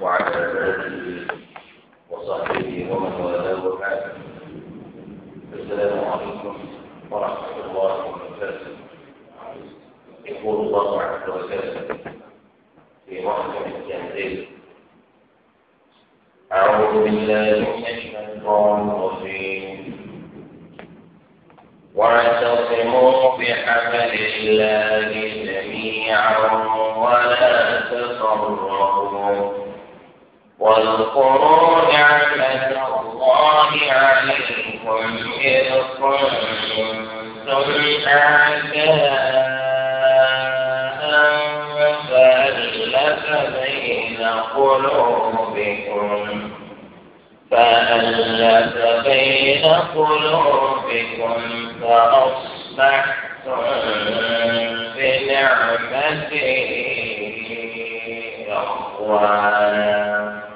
وعلى آله وصحبه ومن والاه وبعد السلام عليكم ورحمة الله وبركاته يقول الله عز وجل في محكم التنزيل أعوذ بالله من الشيطان الرجيم واعتصموا بحبل الله جميعا ولا تفرقوا واذكروا نعمة الله عليكم إذ كنتم أعداء فألف بين قلوبكم فألف بين قلوبكم فأصبحتم بنعمته إخوانا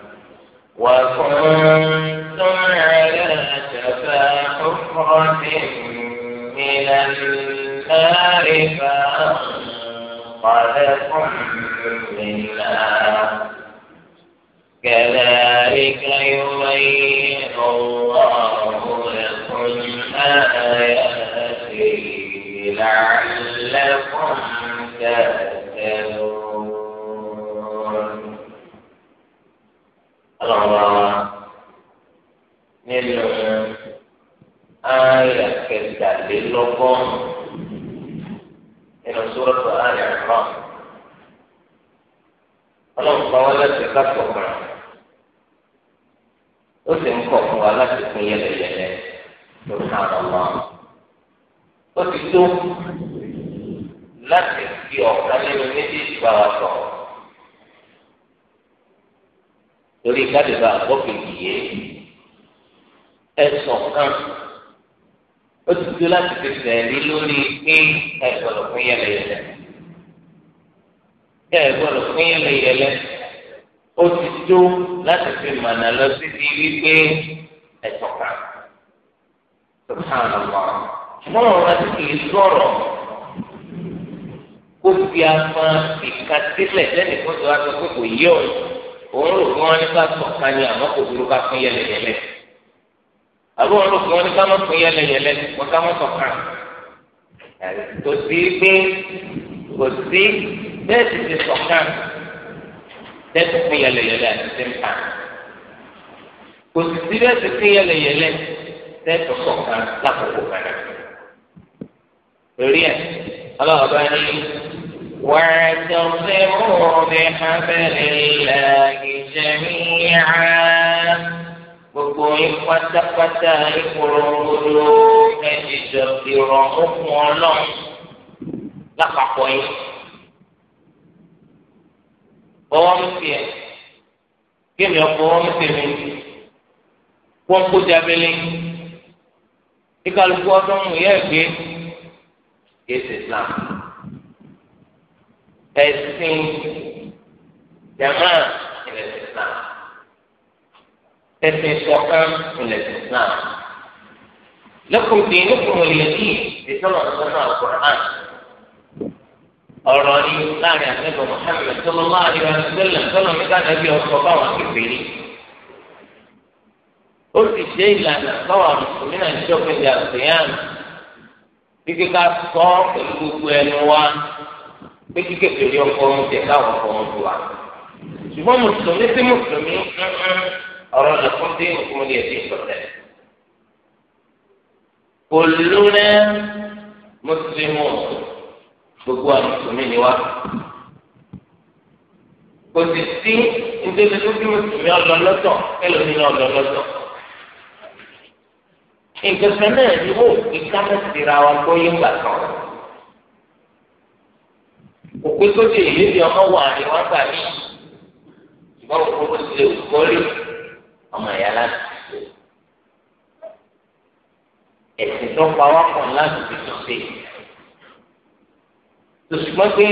وكنتم على شفا حفرة من النار فأنقذكم منها كذلك يبين الله لكم آياته لعلكم تهتدون ọlọ́run bá wa nínú ayé kẹtàlélọ́gọ́rùn-ún nínú sọ́rọ́tò ayé àná ọlọ́run bá wa láti kápọ̀ kan ó sì ń kọ̀ fún wa láti pín yẹlẹyẹlẹ tó náà lọ́wọ́ ó ti tó láti fi ọ̀kan nínú méjèèjì bá wa sọ̀rọ̀. torí kálíbà àgbọ̀kejì yé ẹ̀sọ̀ kan ó ti tó láti fi tẹ̀lé lórí pé ẹ̀gbọ́dọ̀ fún yẹlẹyẹlẹ ẹ̀gbọ́dọ̀ fún yẹlẹyẹlẹ ó ti tó láti fi mànà lọ sí ti wípé ẹ̀sọ̀ kan subhanallah ṣùgbọ́n àwọn àti kìí sọ̀rọ̀ kó fi afán ìka sílẹ̀ lẹ́nu kó tó sọ pé kò yé ọ̀yọ́ òun rò fún wọn ní ká sọ ká ní àmọ́ kò dúró ká fún yẹlẹyẹlẹ àbí òun rò fún wọn ní ká má fún yẹlẹyẹlẹ wọn ká má sọ ká kò sí pé kò sí bẹ́ẹ̀ sì ti sọ ká bẹ́ẹ̀ sì fún yẹlẹyẹlẹ àti ti kò sì sí bẹ́ẹ̀ sì fún yẹlẹyẹlẹ bẹ́ẹ̀ tó sọ ká kan náà. واعتصموا بحبل الله جميعا gbogbo yín pátápátá ìpolongodo ẹni jọ ìrọ̀ okùn ọlọ́run lápapọ̀ yín. ọwọ́ mú tiẹ̀ kéèmì ọkọ̀ ọwọ́ mú tèmi wọ́n kó jábẹ́lẹ́ kíkálukú ọdún mú yẹ́ ẹ̀gbẹ́ kí ẹ̀sìn Islam. ẹ̀sìn jama ilẹ̀ islam ẹ̀sìn sọ̀kan ilẹ̀ islam lẹ́kùn tí lẹ́kùn ìlẹ̀kì ìsọ̀nà sọ̀nà àkùrán ọ̀rọ̀ ni láàrin àtẹ́gbọ̀n Muhammad sọ̀rọ̀ máa ní wọn sílẹ̀ sọ̀rọ̀ nígbà nàbí ọ̀sọ̀ báwọn kékeré ó sì ṣe ìlànà báwọn mùsùlùmí náà ṣọ́kùnrin àti ìyá mi kíkẹ́ sọ pẹ̀lú gbogbo ẹnu wa pé kíkẹ́ pèlè ọkọ ọmọ tẹ káwọn ọkọ ọmọ tó wa ṣùgbọ́n mùsùlùmí sí mùsùlùmí ọ̀rọ̀ lẹ́kọ́ dé òkúmu ní ẹ̀dín ìsọ̀tẹ̀. kò lóná mùsùlùmí gbogbo àwọn mùsùlùmí ni wá kò sì sí nítorí tó bí mùsùlùmí ọ̀dọ́ lọ́tọ̀ ẹlòmí ní ọ̀dọ́ lọ́tọ̀. nǹkan kan náà ni ó fi ká wa gbóyè gbà kan òpin sóde ìlédè ọmọ wà ní wọn gbà mí ìgbà òkú ló ti lè kó rí ọmọ ìyá láti ẹ̀sìn tó pa wá pọ̀ láti fi tó ṣe tòṣùgbọ́n pé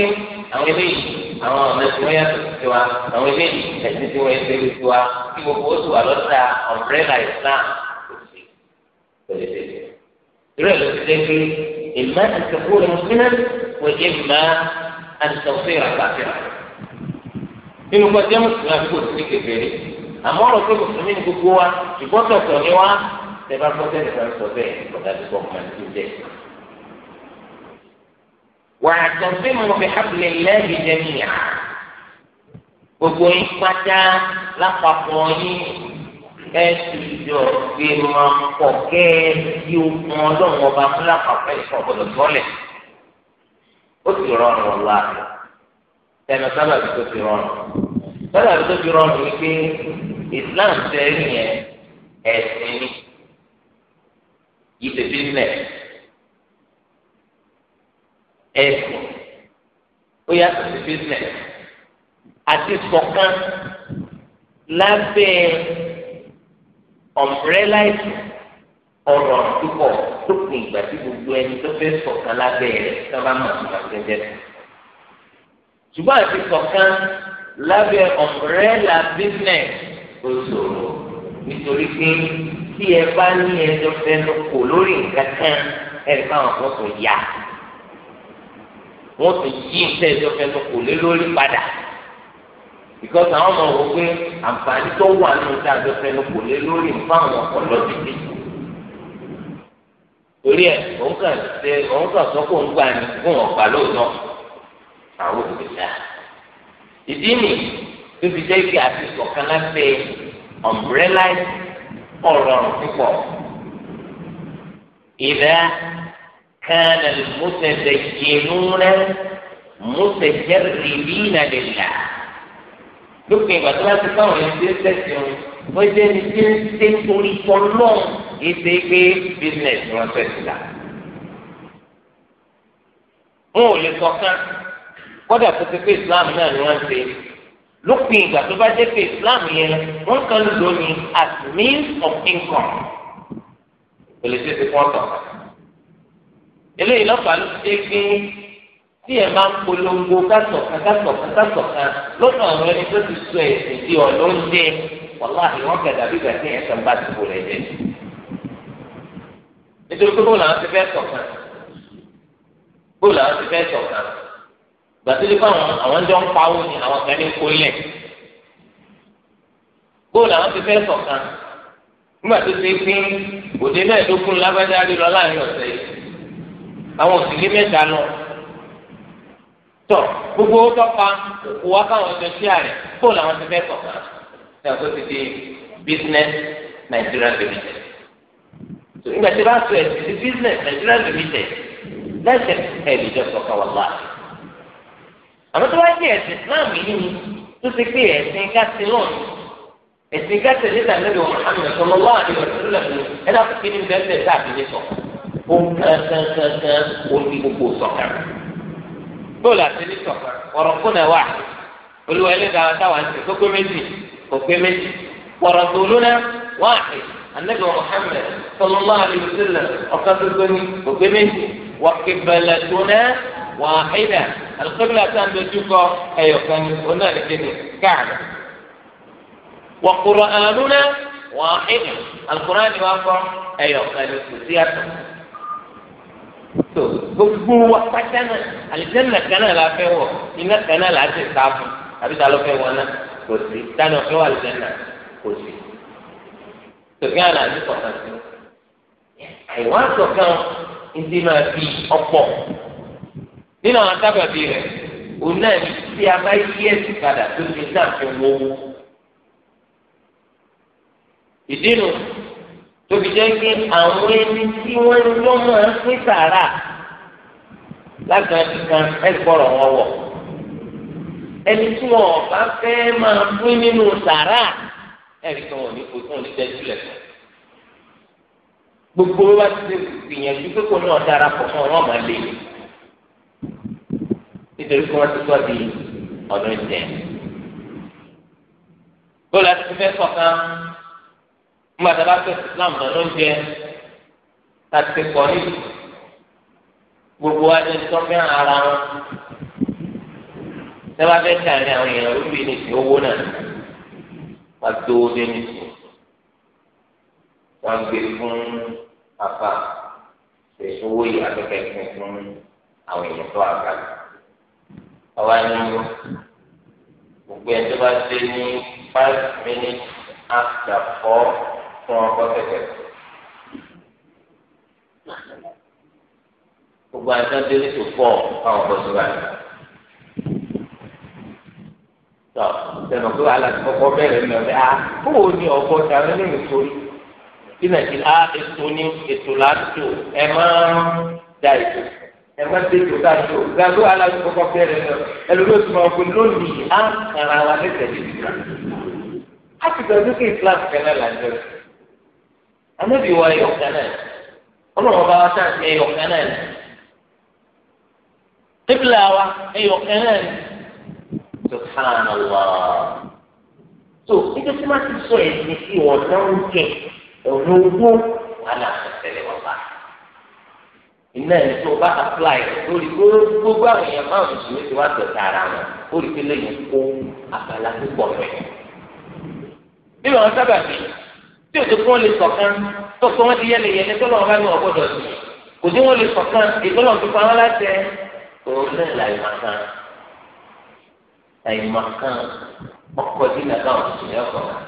àwọn eléyìí àwọn ọ̀nà tí wọ́n yàtọ̀ sí wa àwọn eléyìí ẹ̀sìn tí wọ́n ṣe sí wa kí gbogbo ó sì wà lọ́sà ọ̀mbrẹ́là Islam kò lè tẹ̀lé ìrẹ́lẹ̀ ti dé pé ìmọ̀ àti ìkókó àtìsọ̀fẹ́ ìràkàfẹ́ra nínú kan jẹ́ mùsùlùmí àti kòtù ní kékeré àmọ́ ọ̀rọ̀ pé mùsùlùmí ní gbogbo wa ṣùgbọ́n tọ̀tọ̀ ni wa tẹ̀bá gbọ́dọ̀ nìkan sọ bẹ́ẹ̀ ọ̀gá ti gbọ́n máa ti jẹ́. wà á tẹ̀sí mu fi hábìlì lẹ́yìn jẹ́míà gbogbo yín pátá lápapọ̀ yín ẹ ti jọ gbé máa pọ̀ kẹ́ ẹ yí okun ọlọ́run ọba fún lápapọ̀ ẹ̀kọ́ ọ̀gbọ̀dọ̀ ó sì rọrùn ọ̀la ẹnu sábàbí tó fi rọrùn sábàbí tó fi rọrùn ni pé Islam sẹ́yìn yẹn ẹ̀sìn ni ìtẹ̀ bísíǹnẹ̀ ẹ̀sìn ó yàtọ̀ sí bísíǹnẹ̀ àti sọ̀kan lábẹ́ ọ̀mbrẹ́láìsì ọ̀rọ̀ púpọ̀ lópin ìgbà tí gbogbo ẹni tó fẹ́ sọ̀kan lábẹ́ rẹ̀ tó bá mọ̀ sí àgbẹ̀jẹ̀. ṣùgbọ́n àti sọ̀kan lábẹ́ ọ̀mbrẹ́là business ó ṣòro nítorí pé tí ẹ bá ní ẹjọ́ fẹ́nu kò lórí nǹkan kan ẹ̀rí káwọn kan tó yá wọ́n tó yí iṣẹ́ ẹjọ́ fẹ́nu kò lé lórí padà because àwọn ọmọ wò pé àǹfààní tó wà nínú iṣẹ́ ẹjọ́ fẹ́nu kò lé lórí fáwọn ọ̀pọ̀lọ́ títí torí ẹ òun kàn ṣe òun kàn sọ pé òun gbà ní fún ọ̀pá lóòótọ́ àwọn òbílà ìdí nì tó fi jẹ́ kí àti sọ̀kan láti ọ̀mbrẹ́lá ọ̀rọ̀ púpọ̀ ìdá كان المتدينون متجربين لله لكن بطلت قوم يسير تسيرون wọ́n jẹ́ ní tí ń ṣe torí tọ́lọ́ ìṣe pé business wọn fẹ́ sílá. wọn ò lè sọkàn kódà tó ti pé Islam náà ni wọ́n ṣe lópin ìgbà tó bá jẹ́ pé Islam yẹn wọ́n kàn lò ní as means of income. kò lè ṣe é ti fún ọ̀tọ̀. eléyìí lọ́pàá ló ṣe pé tí ẹ máa ń polongo kásọ̀kan kásọ̀kan kásọ̀kan lọ́nà àwọn ẹni tó ti sọ ẹ̀sìn di ọ̀lọ́ńdẹ́ wàláhì wọn kẹdà bí gbàtí yẹn sọ bá ti bọlẹ jẹ nítorí pé bóòlù àwọn ti fẹ́ ṣọ̀kan bóòlù àwọn ti fẹ́ ṣọ̀kan gbàtí fáwọn àwọn jọ ń pawó ni àwọn kan ní kó lẹ̀ bóòlù àwọn ti fẹ́ ṣọ̀kan nígbà tó ti pín òde náà lókun lábẹ́dá lílọ láàrin ọ̀sẹ̀ yìí àwọn òsìlé mẹ́ta lọ tọ gbogbo ó tọ́pa òkú wa káwọn ọjọ́ sí àrẹ bóòlù àwọn ti fẹ́ ṣọ̀kan náà tó ti di business Nigeria limited So ìgbà tí bá sọ ẹ̀sìn sí business Nigeria limited lẹ́sẹ̀ ẹ̀ẹ́dìjọ́ sọ̀kan wà láàyè àmọ́ tó bá jẹ́ ẹ̀sìn Islam yìí ni tó ti pé ẹ̀sìn káṣí lọ́nù ẹ̀sìn káṣí nígbà níbi Muhammad sọlọ wà ní ìrọ̀sílẹ̀ fún ẹ náà fi ní bẹ́ẹ̀ sáàbì ní sọ ó kankankankan ó ní gbogbo sọ̀kan bóòlù àti ní sọ̀kan ọ̀rọ̀ kúnlẹ̀ wà olúwa ẹlẹ́dàá táwa ń tẹ̀ méjì. وكمل ورسولنا واحد النبي محمد صلى الله عليه وسلم وقصد وكمل وقبلتنا واحدة القبلة كان بالجوكا أيوة كان هنا لكن كعبة وقرآننا واحد القرآن يوافق أيوة كان سياسة gbogbo wa kpatana alijanna kana la fɛ wɔ ina kana la ti taa fɔ a bi taa lɔ fɛ wɔ na kò sí dáná fẹ́ wà lẹ́yìn náà kò sí tòkí àná ní kọ̀ọ̀kan sí àìwá sọ̀kan ndí máa fi ọ̀pọ̀ nínú àwọn sábàbí rẹ̀ òun náà ní tí a bá yí ẹ̀sìn padà tó fi náà fi wọ́wọ́ ìdínú tóbi jẹ́ pé àwọn ẹni tí wọ́n lọ́ máa ń pín sàrà láti ọdún kan ẹ̀sìn wọn wọ̀ ẹni tí wọn ọba fẹ́ máa fún nínú sàrà ẹ̀rí kan wọn ní kò tún ní dẹ́jú lẹ̀kọ́ gbogbo wa ti ṣe gbìyànjú pé kò náà dára pọ̀ mọ́ ọ̀rọ̀ máa lé nítorí pé wọ́n ti sọ di ọdún jẹ bóòlù àti fífẹ́ sọ̀kan nígbà tá a bá fẹ́ Islam lọ́dún jẹ láti kọ́ ní gbogbo wa ní sọ́fẹ́ ara wọn tẹ́wá fẹ́ sàárín àwọn èèyàn lórí ní ìsìn owó náà wá tó o dé nìsín wọ́n gbé fún apá ìsìn owó yìí akẹ́kẹ́ fún fún àwọn èèyàn tó àgbà ọba ní gbogbo ẹni tó bá dé ní five minutes after four fún ọkọ tẹ̀tẹ̀ gbogbo àti ọdún tó pọ̀ fún ọkọ tó bá yẹ tọ sẹnu pé wàhálà ti kọ́kọ́ bẹ̀rẹ̀ ní ọbẹ a kó o ní ọkọ tí a ní ní ìsòrí bí nàìjíríà a ètò ní ètò láti ẹ máa ń da ètò ẹ máa ń da ètò láti o gàdó wàhálà ti kọ́kọ́ bẹ̀rẹ̀ ní ọbẹ ẹlòmíràn tó máa gbé lónìí á ah, kàrà wa ní tẹ̀lé a ti gbà lókè islam kẹlẹ là anábì wa yọ kẹlẹ ọlọ́run bá wa sáà ti yọ kẹlẹ ní kíbla wa yọ kẹlẹ ní subhanallah tó nígbà tí wọ́n ti sọ ẹ̀sìn sí wọn tó ń jẹ ọ̀rọ̀ owó wàhálà àtẹ̀lẹ̀ wọn bá iná ẹni tó bá apply lórí gbogbo àwọn èèyàn máa ń sùn níbi wá tẹ̀sán ara wọn ó rí pé lẹ́yìn kó abala púpọ̀ rẹ̀ bí wọn sábà bí tí o ti kún lè sọ̀kan tó kún wọn ti yẹlẹyẹlẹ tó lọ́wọ́ bá ní ọgbọ́dọ̀ sí kò sí wọn lè sọ̀kan ìgbọ́lọ̀ tó pa wọn láti ẹ̀ òun náà láì máa kan àyìnbọn kan ọkọ̀ dínà káwọn tuntun yẹn kọ̀ náà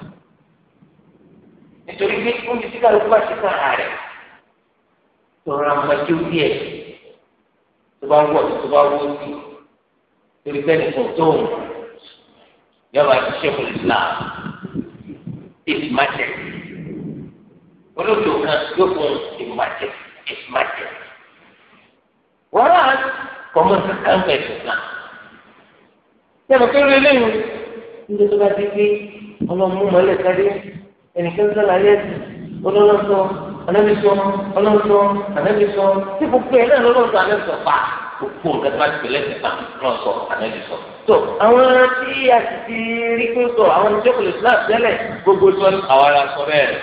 nítorí pé oúnjẹ tí kálukú bá ti kàn ààrẹ tọrọ àmàjò díẹ̀ tó bá wọ tó bá wọ sí torí pẹ́ẹ́nì kan tó ń yọba ti ṣẹ́kù islam ìsìmájẹ olóòtú kan yóò fún ìmájẹ ìsìmájẹ wọ́n á kọ́mọ́sí kánfẹ̀ẹ́sì náà sẹ́nu kí ló léyìn nígbà tó bá ti gbé ọlọ́mú mọ́lẹ̀ kárí ẹnìkan sọ̀rọ̀ ayé ẹ̀sìn ọlọ́lọ́sọ anábìsọ ọlọ́sọ anábìsọ tí gbogbo ẹ̀ náà lọ́lọ́sọ anábìsọ pa òkú ọ̀gá tó bá ti pèlè ẹ̀sìn náà lọ́sọ anábìsọ. tó àwọn tí a sì ti rí pé sọ àwọn ní jókòó islam tẹ́lẹ̀ gbogbo sọ àwa la sọ bẹ́ẹ̀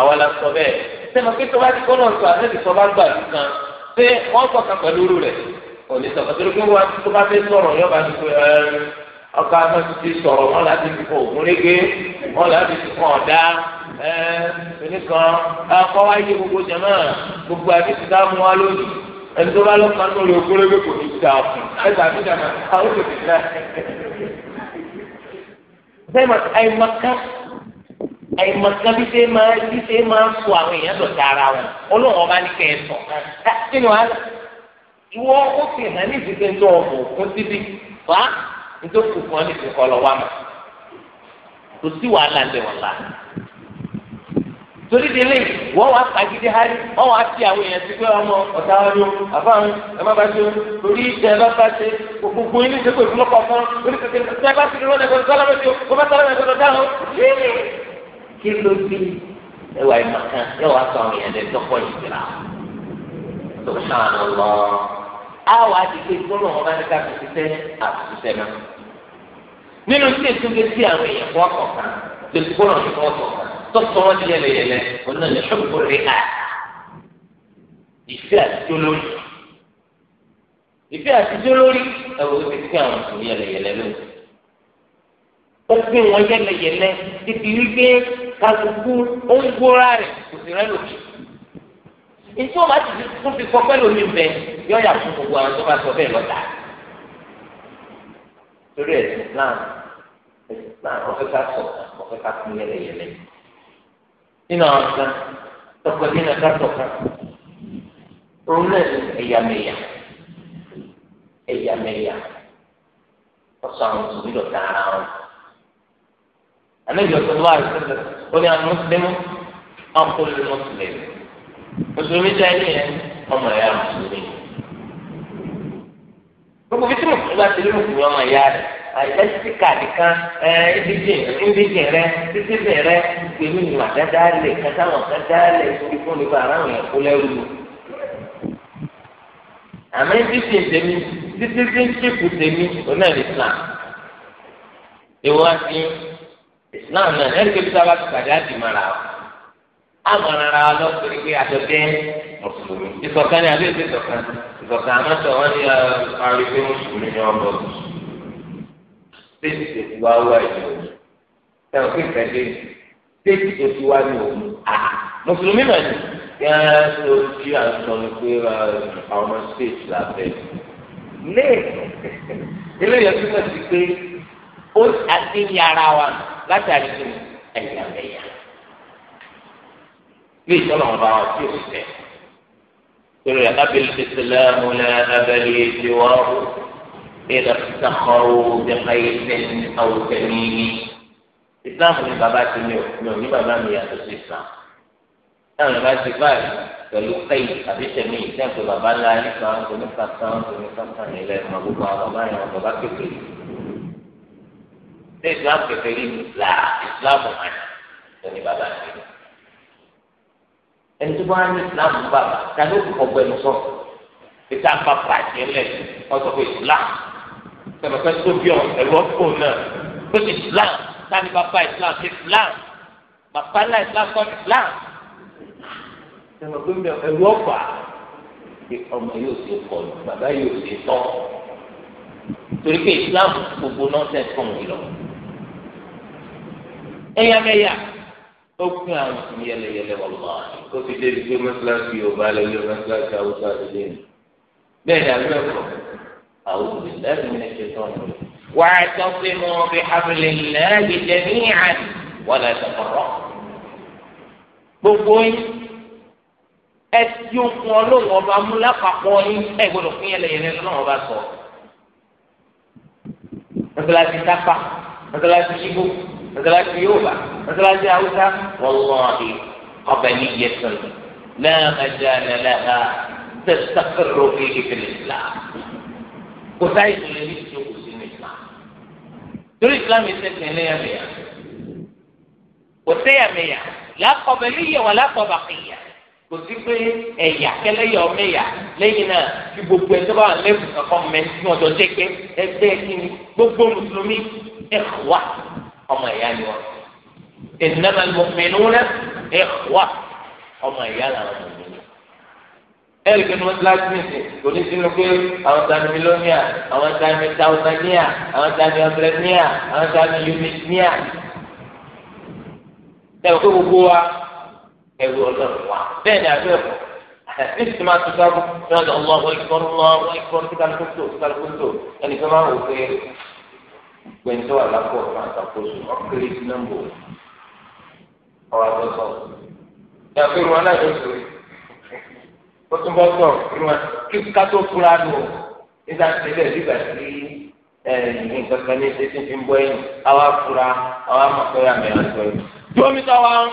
àwa la sọ bẹ́ẹ̀ sẹ́nu kí tó bá ti kọ́ òní sọ̀kọ̀ torí pé wọ́n tó bá fẹ́ sọ̀rọ̀ yọba ti pé ọkọ̀ àwọn ti ti sọ̀rọ̀ wọn láti fi kọ ògùn régé wọn láti fi kọ ọ̀dá oníkan akọ́ wáyé gbogbo jẹ̀mọ́ gbogbo àti ti dáa mú wa lónìí ẹni tó bá lọ kàn lórí ògùn régé kò ní ti dáa fún ẹ tàbí dàmà àwọn kò ti dáa. bẹ́ẹ̀ ma àìmọ̀ká àìmọ̀ká bí ṣe máa bí ṣe máa sọ àwọn èèyàn dọ̀tà ara wọn olóhùn ọba ní kẹ́ ẹ sọ ìwọ ó fi hàn ní ìdíje tó ọmọ òkun síbi fa nítorí kò fún ọ ní ìdíje kọlọ wa mọ kò sí wàhálà lè wọn la torí délé wọn wá pàgídé hárí wọn wá ti àwọn èèyàn sí pé ọmọ ọ̀tá ọdún àfáàrùn ẹ má bá ṣe torí ìjẹ bá bá ṣe gbogbo ilé ìṣe kò ìfúnlọ́pọ̀ fún orí kékeré tí a bá ti rọ́ọ̀dẹ̀ kò ni tó kò bá sálámẹ́ tó dáhùn kí ló dé ẹwà ìmọ̀kan yóò wá sọ àwọn èèyàn lẹ́tọ́pọ̀ àwọn àdìgbò ìgbóná wọn bá ní ká fi ṣiṣẹ́ àtúnṣe náà nínú tí ètò ń gbé sí àwọn èèyàn fún ọkọ̀ kan lè ti gbóná ní fún ọkọ̀ kan tó sọ wọn di yẹlẹyẹlẹ òun náà lè ṣòkò rí à ìfẹ́ àtijọ́ lórí ìfẹ́ àtijọ́ lórí ẹ̀rọ ti fi àwọn ìfún yẹlẹyẹlẹ lórí ó gbé wọn yẹlẹyẹlẹ títí wípé kálukú ó ń gbóra rẹ̀ kò sí rẹ́ lòkè ètí wọn bá ti tún fi kọ́ pẹ́lú omi bẹ yọ yà fún gbogbo àwọn tó bá sọ bẹ́ẹ̀ lọ́dà torí ẹ̀sìn Islam ẹ̀sìn Islam ọ̀fẹ́ ká sọ ọ̀fẹ́ ká fún yẹlẹyẹlẹ nínú àwọn kan tọkọ nínú ká tọkọ òun náà ní ẹ̀yàmẹ̀yà ẹ̀yàmẹ̀yà ọ̀sọ̀ àwọn mùsùlùmí lọ dáa ara wọn àná ìjọsìn wà lọ́sọ̀rọ̀ ó ní àwọn mùsùlùmí ọ̀pọ̀ mùsùlùmí mùsùlùmí tẹ ẹni yẹn ọmọ ẹ̀yà mùsùlùmí gbogbo bí tí mùsùlùmí bá ti rí mùsùlùmí ọmọ ẹ̀yà rẹ̀ àìsẹ́sí káàdì kan ẹ̀ẹ́dìjìn rẹ títí rẹ pẹ̀lú ìwà dáadáa lè kẹtàwọn dáadáa lè fi fún mi bá aráàlú ẹ̀kú lẹ́rú lò àmọ́ ẹ̀ẹ́dìjìn tèmi títí tí ń ṣèkù tèmi ọ̀nà ìsìlám ìwọ́n ti ìsìlám náà ẹ̀ẹ́dìjìn tí a bá ti pàdé àdìmọ́ra wọn amọ̀nara lọ́kùnrin pé àtọ̀jẹ́ mùsùlùmí ìsọ̀kan ni àbí ètò ìsọ̀kan ìsọ̀kan àmọ́tọ̀ wọn ni àrí pé mùsùlùmí ni wọn bọ̀ tẹ́tí tètè wá wá ìlú ẹ̀wọ̀n pé kẹ́kẹ́ tẹ́tí tètè wá ní òun à mùsùlùmí náà ni yàrá tó ti àtọ̀ ni pé àwọn ọmọ stéètì làbẹ́ lẹ́ẹ̀kẹ́ ilé yẹn túmọ̀ sí pé ó àti yàrá wa látàrí kìnnìkan. bí ìtọ́nà ọba wa tí ò tẹ̀. Torí abil ìsìlámù la abẹ́lé tiwa ìlà sàkọ́rọ̀ bẹ̀rẹ̀ ìsìn àwùjẹ́ni. Ìsìlámù ni bàbá ti mi ò mi ò ní bàbá mi yàtọ̀ sí ìsìlámù. Táwọn ìbá ti báyìí pẹ̀lú kẹ́yì àbí tẹ̀mí ìtẹ́ǹpẹ̀ bàbá ńlá nípa onípa kan onípa kan nílẹ̀ ọmọ bàbá yẹn bàbá kékeré. Ṣé ìsìlámù kékeré ni? Là ìsìlámù ní bàbá kékeré ẹni tó bá ń ní islam bàbà tani ó kọ gbẹnu sọ ètò àpapà àti ẹlẹsìn ọsọ fún islam tẹmẹtẹ tó bí ọ ẹrú ọkọ náà fún islam tani bàbá islam fún islam bàbá ńlá islam fún islam tẹmẹtẹ tó ẹrú ọkọ pé ọmọ yóò ṣe kọlu bàbá yóò ṣe tọ torí pé islam gbogbo nọ́ọ̀sẹ̀ fún mi lọ ẹ̀yàmẹ̀yà ó pín àwọn ìsìn yẹlẹyẹlẹ wọlọ kó fi débi pé mọ́sálásí yorùbá lórí mọ́sálásí haúsá lórí mi bẹ́ẹ̀ ni àbúrò ẹ̀kọ́ àwọn òbí lẹ́nu mi ní ṣe tán ni. wà á tọ́ pé mo fi àbúlé lẹ́ẹ̀dì jẹ ní ìhàdì wọ́n lọ sọ gbogbo yín ẹ ti okun ọlọ́run ọba mú lápapọ̀ yín ẹ gbọ́dọ̀ fún yẹlẹyẹlẹ lọ́wọ́ bá sọ. mọ́sálásí tápà mọ́sálásí ṣíbó mọ́sálásí Yorùbá mọ́sálásí Haúsá wàlláhi ọbẹ̀ ní yẹsùn náà ajá nàlẹ́ha tẹ̀sítàkìrò kéèké fìlẹ̀ ìlà kò sáyé tó lè ní ìjókòó sí ní ìlà torí Islam yìí sẹ́sìn ẹlẹ́yàmẹ̀yà kò sẹ́yàmẹ̀yà làkọ̀bẹ̀ níyẹ wà làkọ̀bà kìyà kò sí pé ẹ̀yà kẹlẹ́yà ọmẹ́yà lẹ́yìn náà fi gbogbo ẹjọ́ bá lẹ́bùn kankan mẹ́tí wọn jọ jẹ́gbẹ́ ẹgbẹ́ kí gbogbo mùsùlùmí ẹ̀kọ́ wa ọmọ ìyá ni wọn ìnáma mọ̀mìnú rẹ ẹ wà ọmọ ìyá làwọn mọ̀mìnú. ẹ̀rì kí ni wọ́n ti láti nìsí kò ní sínú pé àwọn tani mílíọ̀nìà àwọn tani tàwùsàníà àwọn tani ọ̀bẹ̀rẹ̀níà àwọn tani yunifíà. ẹ̀rọ pé gbogbo wa ẹ̀rù ọlọ́run wa bẹ́ẹ̀ ni àbẹ́ ẹ̀kọ́ àtàkùn tí máa tún sábà ní ọ̀dọ̀ ọlọ́run ẹ̀kọ́ ọlọ́run ẹ̀kọ́ gbẹ̀ntẹ́ wà lápò ọ̀tún àtàkóso ọ̀kéré sí nọ́mbò ọ̀rọ̀ àtọ́sọ̀ ìyàfẹ́ ìrún aláìsọ̀rọ̀ ó tún bọ́ sọ̀ ìrún kíkà tó fúra nù nígbà tí ilé ìdígbà sí nǹkan kan ní ṣe tí fi ń bọ́ ẹ̀yìn àwa fúra àwa mọ̀tọ́yà mẹ́rin sọ yìí. tí omi tó wá ń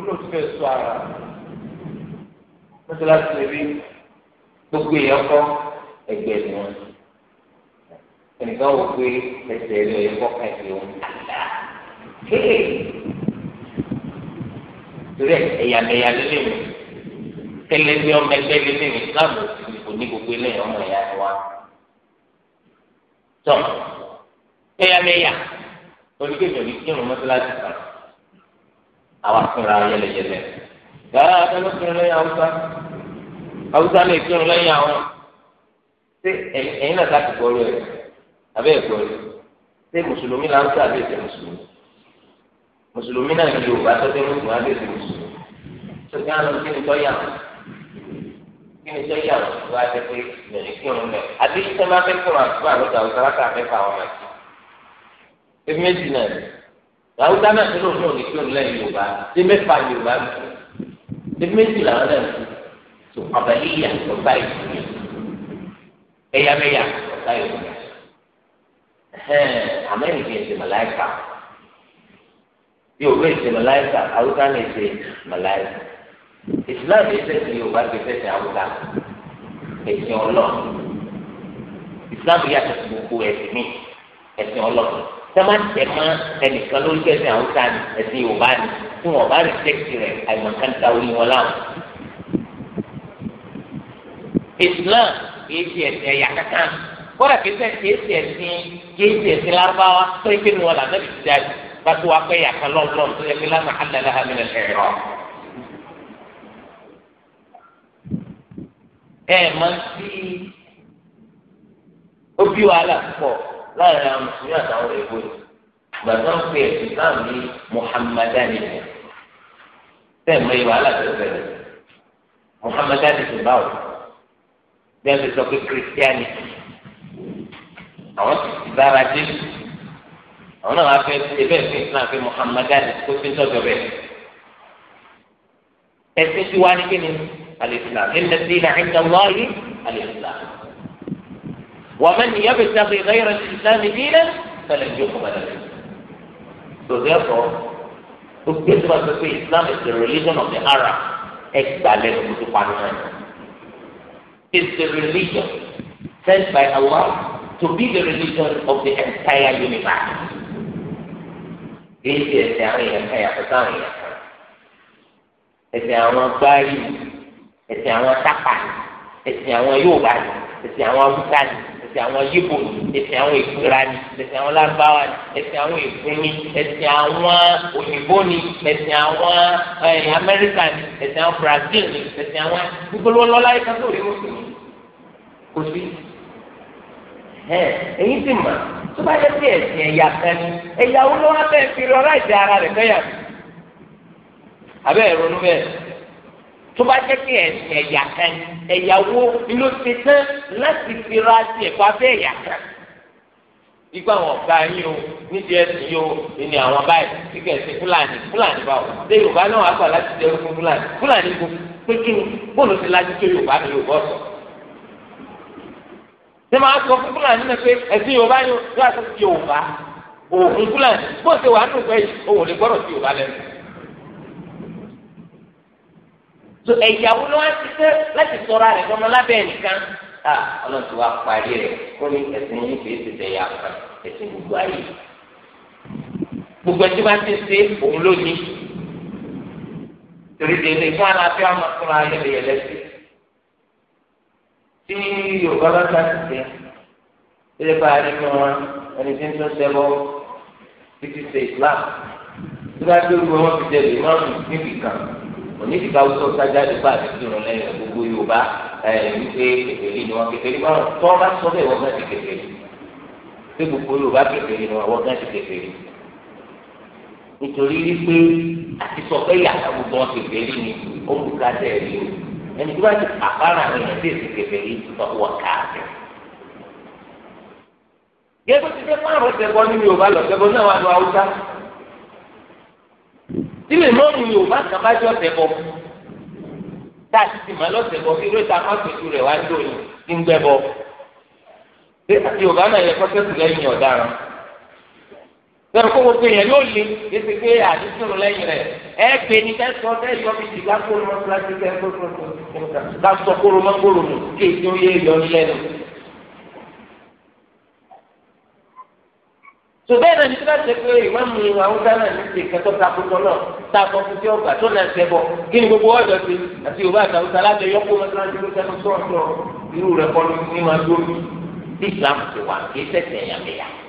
olóòtúfẹ́ sọ ara mọ́tò láti rí gbogbo èèyàn ẹgbẹ́ ni wọ́n ti nǹkan wò pé ẹsẹ̀ rẹ̀ yẹ kọ́ ká ẹsẹ̀ wọn. torí ẹ̀yàmẹ̀yà lílé mi tẹ́lẹ̀ bí ọmọ ẹgbẹ́ lílé mi láàbò kò ní gbogbo eléyìí ọmọ ẹ̀yà ni wá. tọ́ ẹ̀yàmẹ̀yà oníkèké mi kírun mọ́tíláṣí kan àwa fúnra yẹlẹyẹlẹ. gbàrà àtẹnudọ́ kírun lẹ́yìn haúsá haúsá lè kírun lẹ́yìn àwọn ṣé ẹ̀yin náà láti gbọ́ lóyún abẹ́ ẹ̀kọ́ rẹ̀ ṣé mùsùlùmí là ń sọ àbí ẹ̀sẹ̀ mùsùlùmí mùsùlùmí náà ní yorùbá tọ́jú mùsùlùmí àbí ẹ̀sẹ̀ mùsùlùmí tó kí wọn kí ni tọ́ yà kí ni tọ́ yà wọ́n á ti pé lẹ́yìn kí wọn lẹ̀ àbí tẹ́ máa fẹ́ kí wọn àtúbọ̀ àlọ́ta òsàlátà mẹ́fà wọn àti ebi méjì náà ni làwùjá náà tó lóun náà ní kí wọn lẹ́yìn yorùbá ṣé mẹ́fà yorùbá ebi méjì làwọn náà ti tó ọ̀bẹ̀lì yà ọ̀bá ìsìn ẹ̀yàmẹ̀yà ọ̀bá ìsìn àmẹ́rin kì í ṣe màláìkà bí òwe ṣe màláìkà haúsá ní ṣe màláìkà ìsìláàmù ẹsẹ̀ ti yorùbá ti fẹsẹ̀ haúsá ẹ̀sìn ọlọ́run ìsìláàmù yàtọ̀ sí gbogbo ẹ̀sìn mi ẹ̀sìn ọlọ́run tẹ́mátẹ́má ẹnìkan lórí ẹ̀sìn haúsá ni ẹ̀sìn yorùbá ni tí wọ́n bá rìsẹ́kì rẹ̀ àìmọ̀káńtà orí wọn láwọn. ìsìláàmù kì í ṣe ẹ̀sìn kódà kí sẹ́ kéésì ẹ̀sìn kéésì ẹ̀sìn lárúbáwá tó yẹ kí ni wọn là nàbì ti dájú bá tó wá pẹ́ yàtọ̀ lọ́nlọ́n tó yẹ kí lánàá àdàlẹ́ hàmì nà ẹ̀rọ. ẹ máa ń fi ó bí wàhálà púpọ̀ láàrin àwọn mùsùlùmí àtàwọn èèwọ̀ yìí gbàtọ́ ń pè ẹ̀sìn náà ní muhammadani tẹ̀ mọ́ ìwà alàbẹ̀rẹ̀ muhammadani ti báwò bí wọ́n ti sọ pé christianity àwọn ti ti bára dé àwọn náà wá fẹ́ ebẹ́ fún islam fún muhammadan kó fi ń tọ́jọ́ bẹ́ẹ̀ ẹ̀sìn tí wàá ní kí ni alìsílám ilẹ̀ sí ilẹ̀ ẹ̀ńdà wáyé alìsílám wàmẹ́ nìyẹn bẹ̀ sábẹ̀ ìrẹ́yẹrẹ islam ìdílé fẹlẹ̀ ní okùn bàdàlẹ̀ tòdì ẹ̀fọ́ ó gbé tó bá sọ islam is the religion of the arab ẹgbà lẹ́nu tó pa nínú ẹ̀ is the religion sent by allah to be the religion of the entire universe. Èyí ti ẹ̀sìn àwọn èèyàn kan yàtọ̀ sáwọn èèyàn kan. Ẹ̀sìn àwọn gbáyì, ẹ̀sìn àwọn tápà, ẹ̀sìn àwọn Yorùbá, ẹ̀sìn àwọn Awúsá, ẹ̀sìn àwọn Yíbò, ẹ̀sìn àwọn Èkúra ni, ẹ̀sìn àwọn Lágbáwá ni, ẹ̀sìn àwọn Èkúni, ẹ̀sìn àwọn Òyìnbó ni, ẹ̀sìn àwọn Amẹ́ríkà ni, ẹ̀sìn àwọn Brazil ni, ẹ̀sìn àwọn gbogbo lọ́lá ẹ̀ka tó rí mọ́tò kò sí èyí ti mà tó bá yẹ kí ẹ̀sìn ẹ̀yà kan ní ẹ̀yà wo ló wá bẹ́ẹ̀ fi lọ láì dá ara rẹ̀ fẹ́yà sí. abẹ́ ìrònú bẹ́ẹ̀ tó bá jẹ́ kí ẹ̀sìn ẹ̀yà kan ní ẹ̀yà wo ló ti tán láti fi ra sí ẹ̀kọ́ abẹ́ ẹ̀yà kan. igbó àwọn ọ̀gá yín o níbi ẹ̀sìn yìí o ni àwọn báyìí kíkẹ́ ẹ̀sìn fúlàní fúlàní báwo ṣé yorùbá náà wà pọ̀ láti jẹ́ fúlàní fúlàní gbogbo pé kí ni bóòlù ti lajú tó yorùbá ni yorùbá ọ̀sọ̀ ṣé máa sọ fún fúlàní náà pé ẹ̀sìn yorùbá yóò yóò àti yorùbá òògùn fúlàní bó ṣe wà nù pé òun lè gbọ́dọ̀ sí yorùbá lẹ́nu. tó ẹ̀yà wo ló wá ti fẹ́ láti sọ̀rọ̀ rẹ̀ fọmọ lábẹ́ nìkan à ọlọ́run ti wá parí rẹ̀ kó ní ẹ̀sìn yín kì í ti tẹ̀yà kan ẹ̀sìn gbogbo ayé. gbogbo ẹtí bá ti ṣe òun lónìí torí dèrè fún aláfíà ọmọkùnrin ayẹyẹ lẹ́sìn tí yorùbá bá ta ti tẹ tẹ́lẹ̀ bá a rí mọ wọn ẹni tí ń tún sẹbọ títí ṣe islam tí wọn tó gbé wọn fi jẹ lè má mú níbi kan onídìí ká wúsọ sájà lè bá àti dùn lẹ́yìn gbogbo yorùbá ẹ wípé kékeré ni wọn kékeré wọn tọ́ bá sọ bẹ́ẹ̀ wọ́n ti kékeré pé gbogbo yorùbá kékeré ni wọn wọ́n ti kékeré nítorí wípé àti sọ pé yàtọ̀ gbogbo wọn kékeré ni ó kú ká tẹ̀ ẹ́ lé o ẹni tí wọ́n ti pàpàrọ̀ àwọn èèyàn tí èsì kẹfẹ́ yìí ti tọ́ wọ káàkiri. gẹ́gẹ́ ti fẹ́ márùn ṣẹbọ ní yorùbá lọ ṣẹbọ náà wà ní haúsá. tí lè mọ́ọ̀mù yorùbá kan bá jọ ṣẹbọ tá a ti ti mọ̀ lọ́sẹ̀bọ kí ló ta fásitì rẹ̀ wá lóyún tí ń gbẹ́bọ. yorùbá náà yẹ kọ́sẹ́sì lẹ́yìn ọ̀daràn bẹ́ẹ̀ kó gbogbo yẹn yóò le èsì pé àdísòrò lẹ́yìn rẹ̀ ẹ pè ní kẹsàn án bẹ́ẹ̀ yọ bí ìdìgbà kóró máa ń fúlásí kẹ ká sọ kóró máa ń gbòòrò nù kí èso yé yọ lẹ́nu. sọ̀bẹ́ náà ní kíláàsì pé ìwé mu àwọn gánà ní ti kẹtọ́ takùtọ̀ náà tá a fún tí ọgbà tó náà ṣẹbọ kí ni gbogbo ọ̀dọ̀ ti àti yorùbá àtàwọn sáláàtì yọkó mọ́tíláṣí ló sẹ́nu sọ̀rọ̀ irú rẹ̀ kọ́ islam ti wà kí sẹ́sẹ̀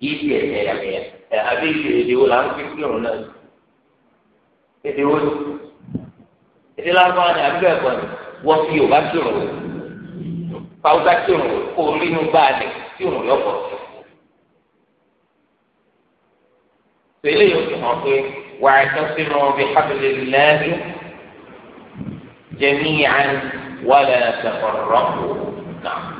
kìí ṣe ẹ̀yẹ̀yẹ̀ ẹ̀ àbí ìṣe èdèwò là ń fi kírun náà èdèwò ni èdè lágbára ni àbí bẹ́ẹ̀ kọ́ ni wọ́n fi Yorùbá kírun o fáwùsá kírun o kó o rínú bá a lè kírun yọ̀pọ̀ sí. tẹ̀lé yóò fi hàn pé wà á tán sínú bí hablillahi jami'an wala tafarraqu náà.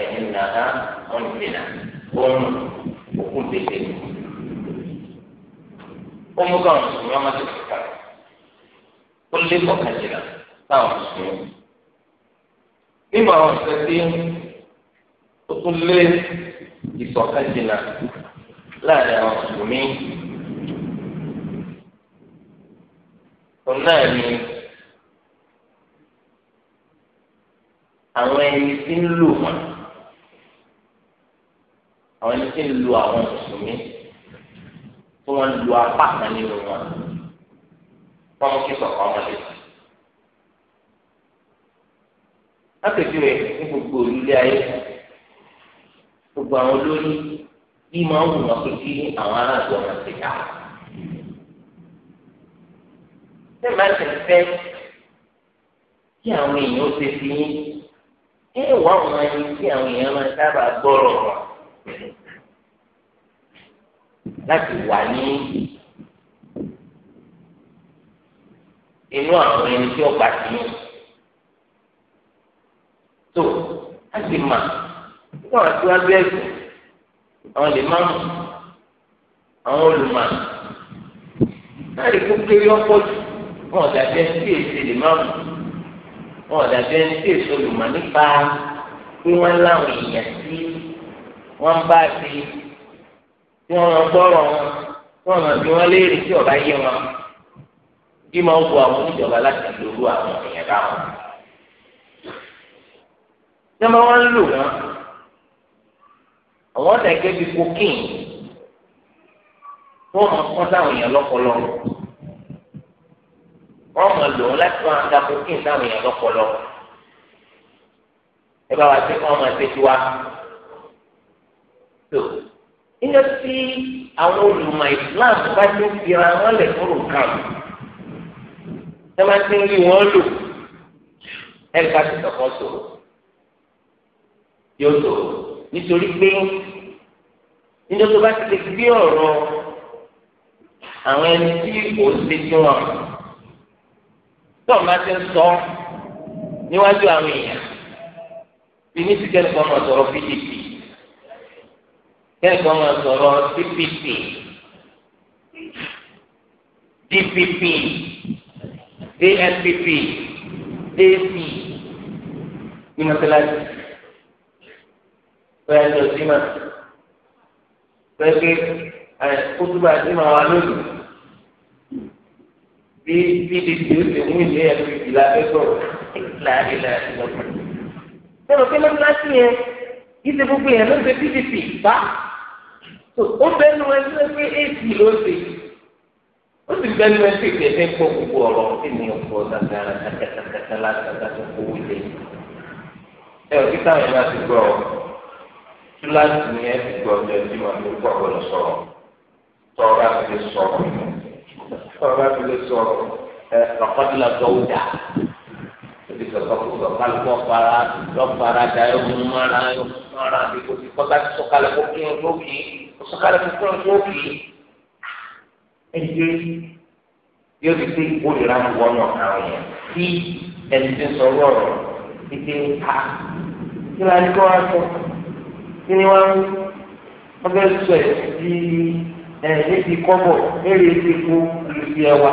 فإنها منفنة أم وكل شيء أم كان مسلم وما تفكر كل فكرة كان مسلم بما هو كل ìsọ̀kẹ́jìnà láàrin àwọn mùsùlùmí òun náà ni àwọn ẹni tí ń lò wọn àwọn ẹni tí ń lu àwọn mùsùlùmí tí wọ́n ń lu apá kan nínú wọn wọ́n mú kí sọ̀kọ́ ọmọdé. lápèjúwe ní gbogbo olúlé ayé gbogbo àwọn olórí yìí máa ń wù wọn pé kí àwọn aráàlú ọmọ ti dà. bẹ́ẹ̀ máa ń fẹ́ kí àwọn èèyàn ó ṣe fi yín ẹ wá àwọn ẹni tí àwọn èèyàn máa sábà gbọ́rọ̀ wọn. láti wà ní inú àwọn ẹni tí ó gbà sí mi. tó a sì mà nígbà wọn tí wọn bí ẹsùn àwọn lè máa mú àwọn olùmọ̀ láti kó kéré ọ̀pọ̀ jù wọn ọ̀dà bí ẹni tí èsì lè máa mú wọn ọ̀dà ẹni tí èsì olùmọ̀ nípa pé wọ́n láwọn èèyàn tí wọ́n bá ti tí wọn máa gbọ́rọ̀ wọn tí wọn máa bí wọn léèrè tí ọba yé wọn bí máa ń bu àwọn oníjọba láti lóru àwọn èèyàn dáhùn tí wọn máa ń lò wọn àwọn ọ̀tá ẹgbẹ́ bíi kokéèn tí wọn máa kọ́ sáwọn èèyàn lọ́pọlọ wọn máa lò wọn láti máa da kokéèn sáwọn èèyàn lọ́pọlọ ẹ bá wa ṣe kí wọn máa tiwa níjọ́ tí àwọn olùmọ̀ Islam bá ti ń fira wọn lẹ̀ fún nǹkan tí wọ́n ti ń rí wọn lò ẹ̀ka ti sọ̀kọ́ sọ̀rọ̀ yóò sọ̀rọ̀ nítorí pé níjọ́ tó bá ti lè gbé ọ̀rọ̀ àwọn ẹni tí kò ṣe tí wọn tó ọ̀ma ti ń sọ níwájú àwọn èèyàn bí ní ti kẹ́ni kan mọ̀ PDP kẹ́kọ̀ọ́ máa sọ̀rọ̀ dpp dpp dnpp dp ní mọ́tàláṣí bẹ́ẹ̀ lọ sí mà bẹ́ẹ̀ pé kótóbá sí mà wà lónìí bí pdp ó ti mú ilé npp lábẹ́ sọ̀rọ̀ láàrin láàrin lọ́kùnrin. sọ̀rọ̀ pé mọ́tàláṣí yẹn kí ṣe gbogbo yẹn ló ń ṣe pdp bá ó bẹnu ẹni tó pé èsì ló ṣe ó sì bẹnu ẹni tó pé ẹgbẹ́ pọ̀ gbogbo ọ̀rọ̀ ẹni ọ̀pọ̀ dàgbàrà kàkàkàkà látàkà tó kówó lé ẹ ò kíkà yẹn láti gbọ́ túláàsì ni ẹ ti gbọ́ ọjọ́ ìdí màá ló gbọ́ ọ̀gbọ́n sọ̀rọ̀ tọ́ra ti lè sọ̀rọ̀ tọ́ra ti lè sọ̀rọ̀ ẹ ọ̀kọ́dúnlá gbọ́wó dà ebi sọ̀tọ̀ kó sọ̀ kálí kó fara lọ́ fara da ẹ̀ mú mara ẹ̀ mara bí kò sí kọ́tà ti sọ̀ kálí kó kí ẹ̀ sọ̀kalẹ̀ fúnfún ọ̀tún òbí ẹ̀jẹ̀ yóò fi pé ìkórìíra ń wọ ọ̀nà àwọn yẹn tí ẹni tí ń sọ̀rọ̀ ọ̀rọ̀ títí ha kí ni adé kọ́ wá sọ kí ni wọ́n wọ́n fẹ́ sọ ẹ̀ sí ẹ̀ létí kọ́bọ̀ ẹ̀ létí kú lùsí ẹ̀ wá.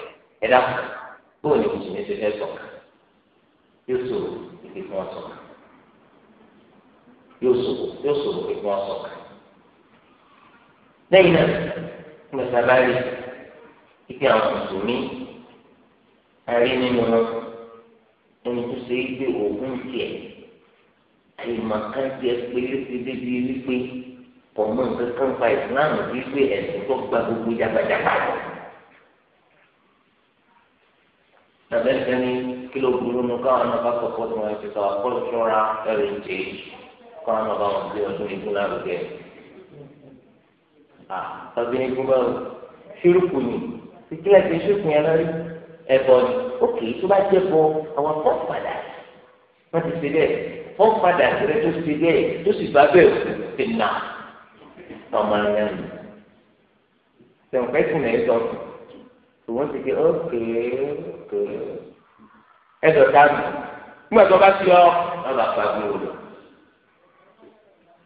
ẹ̀dá bóun ni mùsùlùmí ṣe fẹ́ sọ̀kan yóò ṣòro ìpè fún wọn sọ̀kan yóò ṣòro yóò ṣòro ìpè fún wọn sọ̀kan lẹ́yìn náà gbèsè abáyé ìpè àwọn mùsùlùmí àrí nínú wọn ẹni tó ṣe é gbé òògùn tiẹ̀ àyèmọ̀kan tiẹ̀ pélé ti débi wípé pọ̀ mọ́ nǹkan kan pa ìsìláàmù wípé ẹ̀sìn tó gba gbogbo jágbajàgba lọ. tàbẹ́sẹ̀ ní kíló burú nu káwọn náà bá kọ̀kọ́ tí wọ́n ti sọ àkọ́lùsọ́ra heritage káwọn náà bá wọn gbé ọdún igun lárugẹ. ọdún igun bá wọn ṣírùkù ni ìpínlẹ̀ tí ṣírùkù yẹn lórí ẹ̀bọ ni ókè tó bá jẹ́ bọ àwọn fọ́ọ̀padà wọ́n ti ṣe bẹ́ẹ̀ fọ́ọ̀padà rẹ tó ṣe bẹ́ẹ̀ tó sì bá bẹ́ẹ̀ fi nà ọmọ ẹ̀yàn ni. tẹ̀wọ̀n pẹ́sìn ṣùgbọ́n ti ké ókèé ókèé ẹ̀dọ̀ dánù nígbà tó bá ti yọ náà bá pa gbé wòlò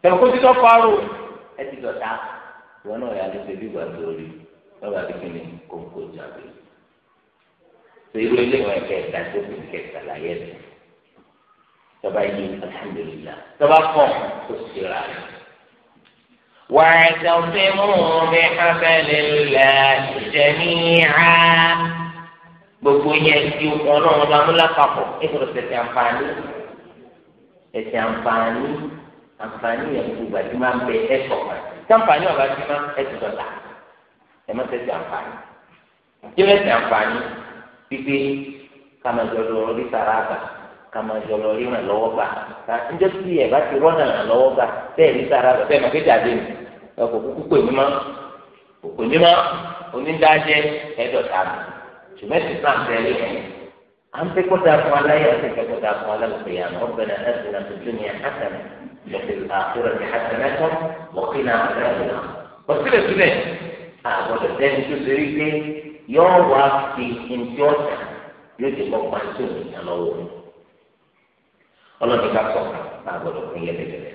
tẹ̀wọ́n kó títọ́ fáró ẹ ti dọ̀tá ìwọ náà yà ló ṣe bí ìgbà tó rí náà bá ti kí ni kókó jáde ṣe irú ilé wọn kẹ tó fi kẹ ṣàlàyé rẹ tọba yìí alhamdulilayi tọba kọ tó ṣe ra rẹ. واعتصموا بِحَبْلِ الله جميعا gbogbo yẹn ti ọlọ́run ọba múlápapọ̀ nítorí ṣẹ̀ṣẹ̀ àǹfààní ṣẹ̀ṣẹ̀ àǹfààní àǹfààní yẹn gbogbo ìgbà tí máa ń bẹ ẹ̀sọ̀ kan tí àǹfààní ọba ti máa ń ẹ̀sìn dọ̀là ẹ̀ má ṣẹ̀ṣẹ̀ àǹfààní kí ló àǹfààní pípé kàmájọ́ lọ rí sàrà àgbà ká máa jọ lọ ríran lọ́wọ́ gbà ká níjọ́ tí ẹ̀ bá ti rọ́nà ràn lọ́wọ́ gbà bẹ́ẹ̀ ní sára rẹ̀ bẹ́ẹ̀ máa fi dàdé mi ọkọ̀ kúkú pè mí mọ́ òpè mí mọ́ onídàájẹ́ ẹ̀dọ̀ta mi ṣùgbọ́n ti sàn tẹ́lẹ̀ ẹ̀ à ń pẹ́kọ́ta fún aláyà àti pẹ́kọ́ta fún alágbèéyàn ọ̀gbẹ́ni ẹ̀sìn àti dúnìyà hàtàlẹ̀ lọ́sẹ̀ àkúrẹ̀ hàtàlẹ̀ tó wọ́kìnà àtàlẹ̀ náà. bọ́sílẹ̀sílẹ̀ àgbọ̀dọ̀ sẹ́ni tó ṣe rí pé yọ̀ọ́ wá fi ìdí ọ̀tà yóò ti bọ́ pàṣẹ òmìnira lọ́wọ́ ọlọ́run ká sọ náà gbọdọ̀ fún yẹlẹ yẹlẹ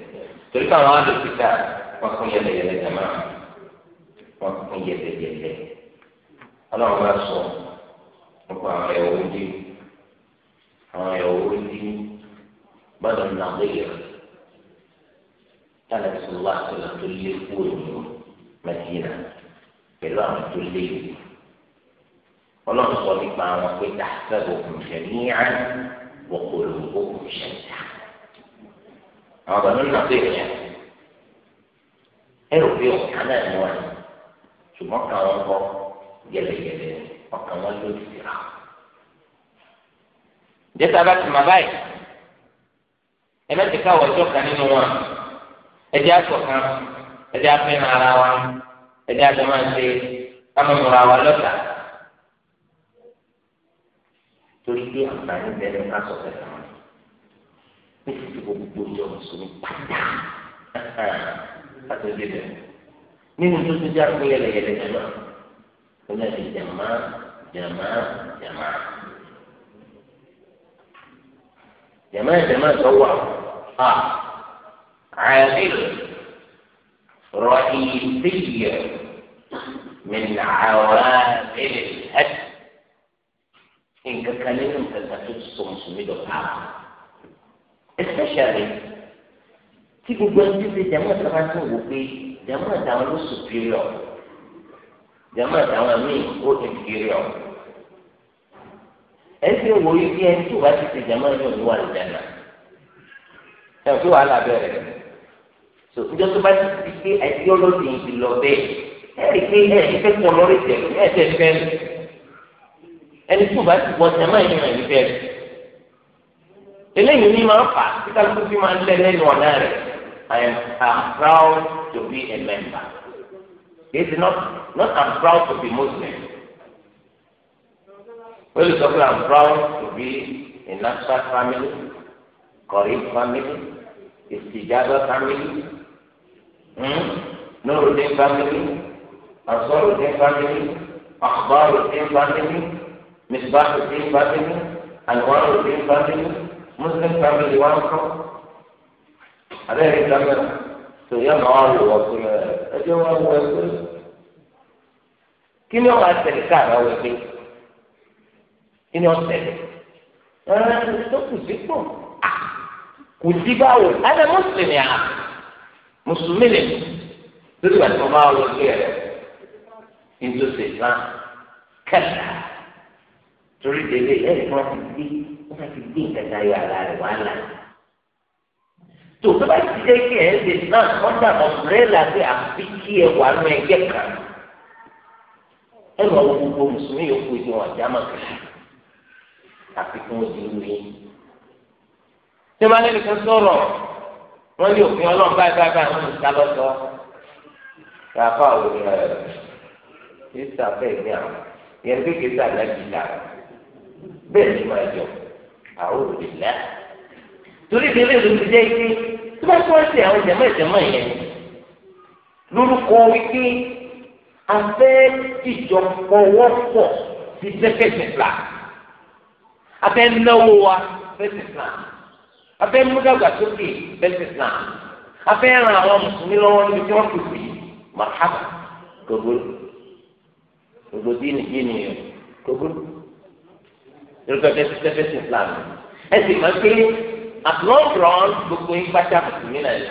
torí káwọn alòpìtà wọn fún yẹlẹ yẹlẹ jama wọn fún yẹlẹ yẹlẹ ọlọ́run bá sọ nípa àwọn ẹ̀wọ̀ ojú àwọn ẹ̀wọ̀ ojú gbọdọ̀ nàgbéyà yàrá ìṣòwò àtẹlẹ tó lé kúrò ní mẹdínà pẹ̀lú àwọn tó lé yìí ọlọ́run sọ nípa àwọn pé dàgbà òkùnkùn ní àná. وقلوبهم شتى àwọn bàbá nínú àpè yẹn ẹrù bí ọ̀kan náà ni wọn ṣùgbọ́n kan wọn kọ gẹ́lẹ́gẹ́lẹ́ ọkàn wọn ló ti ra jẹ́sà bá ti mà báyìí ẹ bá ti káwọ́ ọjọ́ kan nínú wọn ẹ jẹ́ àtọ̀kan ẹ jẹ́ àfihàn ara wa ẹ jẹ́ àjọmọ́ àti kámọ́mọ́ra wa lọ́tà torí pé àǹfààní bẹ̀rẹ̀ ká sọ fẹ́ fún mi ní ti gbogbo ìjọ mùsùlùmí pátá àti ìdílé nínú tó ti já pé yẹlẹyẹlẹ jẹmọ oní ẹni jẹmọ jẹmọ jẹmọ jẹmọ jẹmọ tó wà á عادل رئيسية من عوامل الهدم nǹkan kan nínú nǹkan kan tó ti sọ mùsùlùmí lọ pa á especially tí gbogbo ẹni tí ṣe jàmọ́ ìtàn máa tún wò pé jàmọ́ àtàwọn ló superior jàmọ́ àtàwọn míì ó inferior ẹni tí ó wò yí bí ẹni tí wàá ti ṣe jàmọ́ ìlú òní wà lójà náà ẹ̀ fi wàhálà bẹ̀rẹ̀ so ìjọ tó bá ti di pé ideology yìí ti lọ bẹ́ẹ̀ ẹ̀ rí pé ẹ̀ ẹ̀ fẹ́ kún ọ tẹ̀ ẹ̀ tẹ̀ fẹ́ ẹni tó bá ti wọ́n jẹ́mọ́ ẹ̀yìn rẹ̀ níbẹ̀ rẹ̀ eléyìí ni máa ń fà tí kálukú fi máa ń lẹ́ lẹ́nu ọ̀nà rẹ̀ I am proud to be a member it is not not am proud to be Muslim wọ́n lè sọ pé am proud to be a natural family correct family ìsìjáde family hmm? nurudin family asọ́rùdin family akhbarudin family. مصباح الدين فاطمي انوار الدين فاطمي مسلم فاميلي وان كو هذا هي الكاميرا تو يا معاوية وكل اجي وان وكل كم يوم أتري كارا وكل كم يوم أتري أنا أتوقع kò sí báwo ẹnẹ mùsùlùmí à mùsùlùmí lè lórí wà tó máa wọ sí ẹ nítorí ìsàn kẹta torí délé ẹ ní wọn ti gbé wọn ti gbé ìtajà yọ àlá rẹ wàhálà tó tó bá ti jẹ kí ẹ lè náà kọ́ńtà ọ̀bùrẹ́là pé àfi kí ẹ wà nù ẹgbẹ́ kan ẹ lọ wọ gbogbo mùsùlùmí yòókù tí wọn àjà máa kàlà àfi kí wọn di wúlé tí wọn lẹnu kan sọ̀rọ̀ wọn ní òfin Ọlọ́run báyìí báyìí báyìí wọn ti sá lọsọ kàfà òwúrọ̀ ẹ ṣe sàfẹ ìgbéyàwó yẹn kékeré sàlẹ jìlá rẹ. bẹ́ẹ̀ ni máa jọ àwọn òbílẹ̀ torí ìdílé ìlú ti jẹ́ ike tí wọ́n àwọn yẹn lórúkọ afẹ́ ti afẹ́ náwó wa afẹ́ múdàgbàsókè afẹ́ ràn àwọn mùsùlùmí lọ́wọ́ níbi tí wọ́n lórúkọ tẹfẹsí islam ẹ sì máa pé àtúntàn gbogbo yín pátá mùsùlùmí náà ní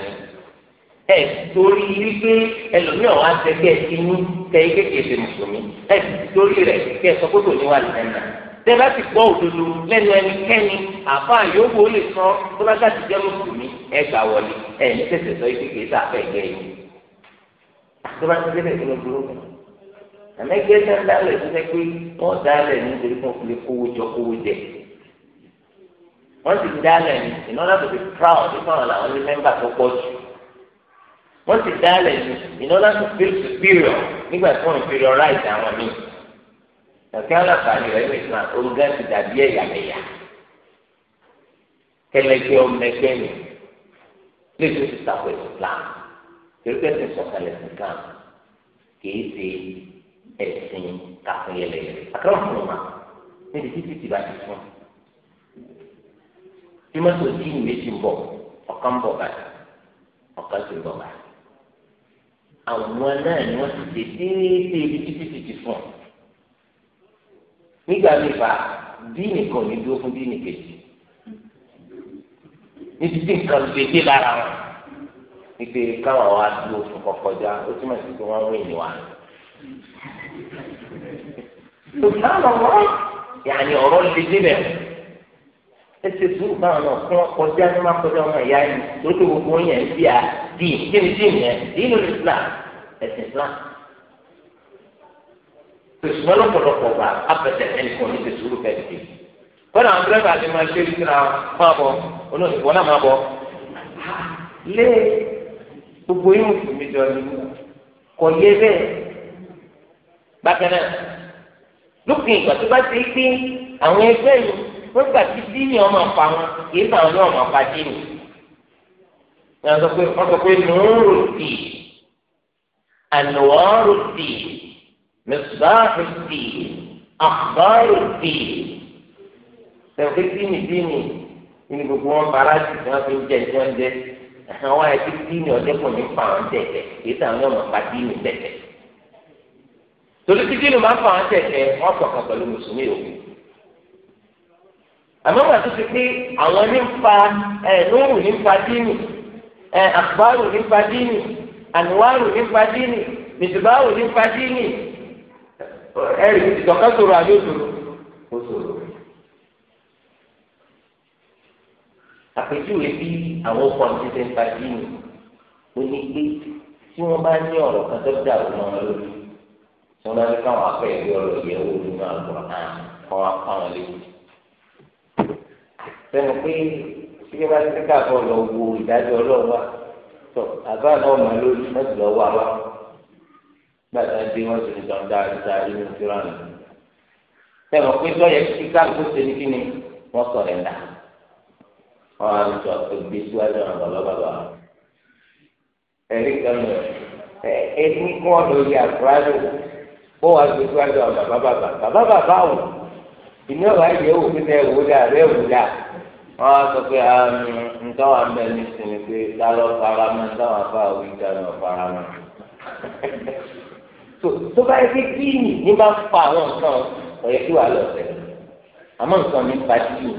ẹ torí wípé ẹlòmíràn wá sẹgbẹ ẹ ní kẹ kékeré ṣe mùsùlùmí ẹ torí rẹ kẹ sọ kótó ní wà lẹ́nà tẹ bá ti gbọ́ òdodo lẹ́nu ẹnikẹ́ni àfa yòówó lè sọ tó bá gàtí jẹ́ mùsùlùmí ẹ gbà wọlé ẹ ní tẹ̀sẹ̀ sọ yìí sáfẹ́ ẹ̀gẹ́ yìí tó bá ti débẹ̀ àmẹ́gbẹ́ tẹ́ ń dálẹ̀ tó fẹ́ pé wọ́n dálẹ̀ nítorí kí wọ́n fi lè kówó jọ kówó jẹ wọ́n sì dálẹ̀ ní in order to be proud nípa àwọn àwọn ní mẹ́mbà tó pọ̀ jù wọ́n sì dálẹ̀ ní in order to feel superior nígbà tí wọ́n inferiorize àwọn míì kàkẹ́ alábàáni rẹ̀ ní Islam olùgá ti dàbí ẹ̀yàmẹ̀yà kẹlẹ́gbẹ́ ọmọ ẹgbẹ́ mi lè tó ti sàkóso Islam kẹlẹ́gbẹ́ ti sọ̀kalẹ̀ Islam kì í ṣe ẹ̀sìn kàfẹ́yẹlẹ àtọ́wọ̀n ma níbi títí ti bá ti fún bí mọ́tò díìnì méjì ń bọ̀ ọ̀kan bọ̀ báyìí ọ̀kan sì ń bọ̀ báyìí àwọn náà ni wọ́n ti ṣe déédéé ibi títí ti ti fún nígbà mìíràn díìnì kan ní dúró fún díìnì kejì ní títí nǹkan lè dé lára wọn ìpè káwọn wa dúró fún kọkọjá ó túmọ̀ sí pé wọ́n wé ìwà sùgbọ́n wọ́n yàní ọ̀rọ̀ lè débẹ̀ ẹsẹ̀ sùúrù báwọn náà kí wọ́n kọjá ní wọ́n kọjá ọmọ ìyá yìí tó tó gbogbo yẹn bí a dín kíni dín yẹn dínú Islam ẹ̀sìn Islam sùgbọ́n lọ́pọ̀lọpọ̀ gbà apẹ̀tẹ̀ ẹnìkan ní ti sùúrù fẹ́ẹ́ dé kọ́nà àwọn dírẹ́fà ti máa ṣe ìṣúná máa bọ̀ olóòtú náà máa bọ̀ lé gbogbo yìí mùsùlùmí jọ bákan náà lópin ìgbà tó bá ti rí pé àwọn ẹgbẹ́ yìí wọ́n gbà tí díìnì ọmọ àpá wọn kì í sàwọn ní ọmọ àpá díìnì wọ́n sọ pé wọ́n sọ pé nùúrù tì ànùwọ́rù tì mùsùlùmí tì àkùbọ́rù tì sọ̀rọ̀ díìnì díìnì ní gbogbo wọn bára ti fi wọn fi ń jẹ ìjọ ń jẹ àwọn àti díìnì ọdẹkùnrin pa àwọn tẹ̀tẹ̀ kì í sàwọn ní ọmọ àpá díìnì tẹ̀tẹ̀ torí títí ló máa ń fa àwọn tẹ̀tẹ̀ wọ́n sọ̀kan pẹ̀lú mùsùlùmí òkú àmọ́ wọn àtúnṣe pé àwọn nípa nùrù nípa dínì àkùbárù nípa dínì ànúwárù nípa dínì mìtìbáwù nípa dínì ẹ̀rì ìtọ̀kẹ́ sòrò àdóòdòrò kò sòrò. àpèjúwe bí àwọn ọkùnrin ti ṣe ń pa dínì ó ní pé tí wọ́n bá ní ọ̀rọ̀ kan tó dà wọ́n lórí tí wọ́n bá ní káwọn akẹ́yẹ̀wé ọ̀rọ̀ yẹ̀wò nínú àgbọ̀n náà kọ́ apáwọn léwu. sẹ́nu pé síbi bá ti ká bọ̀ lọ wo ìdájọ́ ọlọ́wà tó àbá náà mọ̀ lórí mọ́tò lọ́wọ́ àwa gbàtà dé wọ́n ti dùn dáadáa nínú fúlàní. sẹ́nu pé sọ́yẹ́ ti ká kó ṣe ní kíni wọ́n sọ̀rọ̀ ẹ̀dá wọ́n á sọ ìgbé síwájú àwọn ọlọ́bàbà ẹ̀rí kan lọ ẹ̀ẹ́dínkù ọ̀dọ́ yìí ó wàá gbé síwájú àwọn bàbá bàbá bàbá bàbá wò ìní ọ̀rọ̀ ayé wò pé ẹ wò dà ẹ wò dà wọ́n á sọ pé nǹkan ah, wà ń bẹ ní sinmi pé ta lọ fara mọ́ táwọn afá òwe ìjà lọ fara mọ́ tó bá yẹ kí ni ní bá fa àwọn nǹkan ọ̀yẹ́ kí wàá lọ sẹ́yìn àmọ́ nǹkan mi fa sí i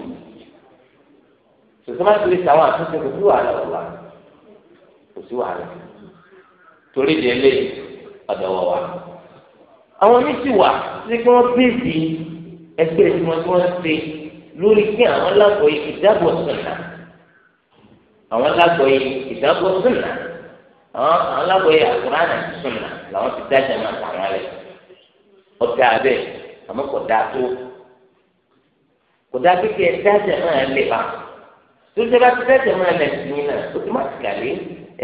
sòsọ́mà tó lè sàwọn àtúnṣe kò sí wàhálà wà kò sí wàhálà torí ìdílé ọ̀dọ̀ wọ̀ wà àwọn míì sì wà sí pé wọ́n bèèdì ẹgbẹ́ ìtumọ̀ tí wọ́n ṣe lórí kí àwọn lágbọ̀ yìí ìdábọ̀ sùnà àwọn lágbọ̀ yìí ìdábọ̀ sùnà àwọn lágbọ̀ yìí àkùránà sùnà làwọn ti dájà máa tà wọn lẹ ọ̀dà abẹ àmọ́ kò dáa tó kò dáa tó kí ẹ dájà máa lè bá tó ṣe bá ti dájà máa lẹ sí yín tó ti má ti gàlé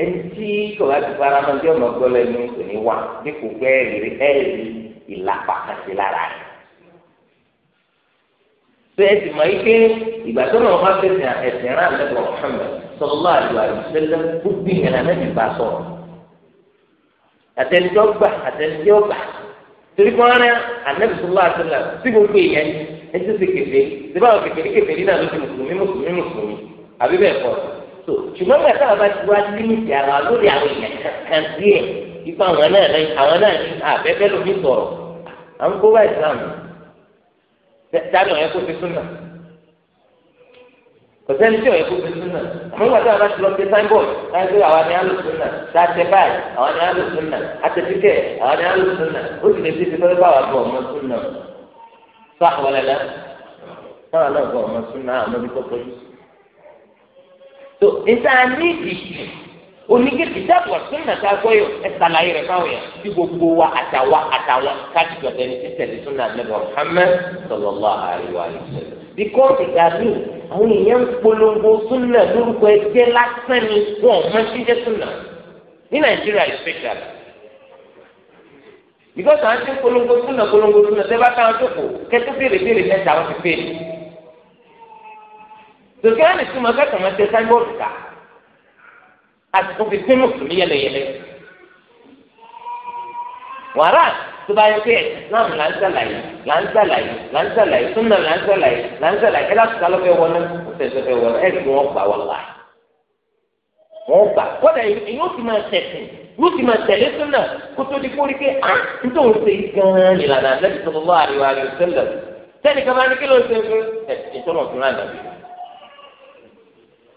ẹni tí kò bá ti fara mọ́ ọjọ́ ọmọ gbọ́ lẹ́nu kò ní wà dípò pé ẹ̀rí ẹ̀rí ìlàpà kan sí lára rẹ̀ tó ẹ sì mọ̀ yìí pé ìgbà tó náà wọ́n fẹ́ sìn ẹ̀sìn rán lẹ́gbọ̀n Muhammad sọlọ́lá àdúrà ìṣẹ́lẹ̀ gbogbo ìyẹn náà mẹ́bí bá sọ̀rọ̀ àtẹnudọ́ gbà àtẹnudọ́ gbà torí kí wọ́n rẹ́ ànábì sọlọ́lá àtẹnudọ́ sí gbogbo ìyẹn ẹjọ́ sì kẹfẹ́ síbáwọ̀ kẹfẹ́ kẹfẹ́ náà ló mùsùlùmí mùsùlùmí mùsùlùmí àbí bẹ́ẹ̀ kọ́ so ṣùgbọ́n gbàtà bá ti wá límìtì ara lórí àwọn èèyàn kankan díẹ̀ ipa àwọn náà lẹ́yìn àwọn náà ní àbẹ́bẹ́ lómi sọ̀rọ̀ à ń kó bá ìsìlámù dáná ọ̀yẹ́ kó fi súnà kò sẹ́ni tí ọ̀yẹ́ kó fi súnà àmọ́ nígbà tí a bá ti lọ sí signboard láti pé àwa ni a lò súnà tá a tẹ báyìí àwa ni a lò súnà atẹ̀síkẹ̀ àwa ni a súnà ó sì lè fi ti fẹ́ bá wa bọ̀ ọmọ súnà sáà wọlé náà oníkèké dábò súnà tá a gbọ́ yọ ẹ sàlàyé rẹ fáwọn yẹn bí gbogbo wa àtàwa àtàwa káàdì jọ̀dẹ̀ ní títẹ̀lé súnà nàbẹ̀ Muhammad sallallahu alaihi wa sallam. bíkọ́ọ̀sì dàbí àwọn èèyàn ń polongo súnà lórúkọ ẹgbẹ́ lásán ni wọn ò mọ síjẹ́ súnà ní Nàìjíríà especially. bíkọ́sì àwọn tí ń polongo súnà polongo súnà tẹ́ bá táwọn tó kù kẹ́tọ́ béèrè béèrè mẹ́ta wọn ti béèrè àsìkò fi pín mùsùlùmí yẹlẹyẹlẹ wàrà tó bá yẹ pé islam là ń sàlàyé là ń sàlàyé là ń sàlàyé súnà là ń sàlàyé là ń sàlàyé ẹlá tó sálọ fẹ wọnú ọsẹsẹ fẹ wọnú ẹ ti wọn gbà wọn là wọn gbà kódà yóò ti máa tẹsìn yóò ti máa tẹlé súnà kótó di kórìí pé à ah, ń tó ń ṣe gan-an ìlànà àtẹ́bí sọ̀rọ̀ lọ́wọ́ àríwá àríwá sẹ́lẹ̀ sẹ́ni kan bá kí ló ń ṣe fún ẹ̀ ìtọ́nà ọ̀tún náà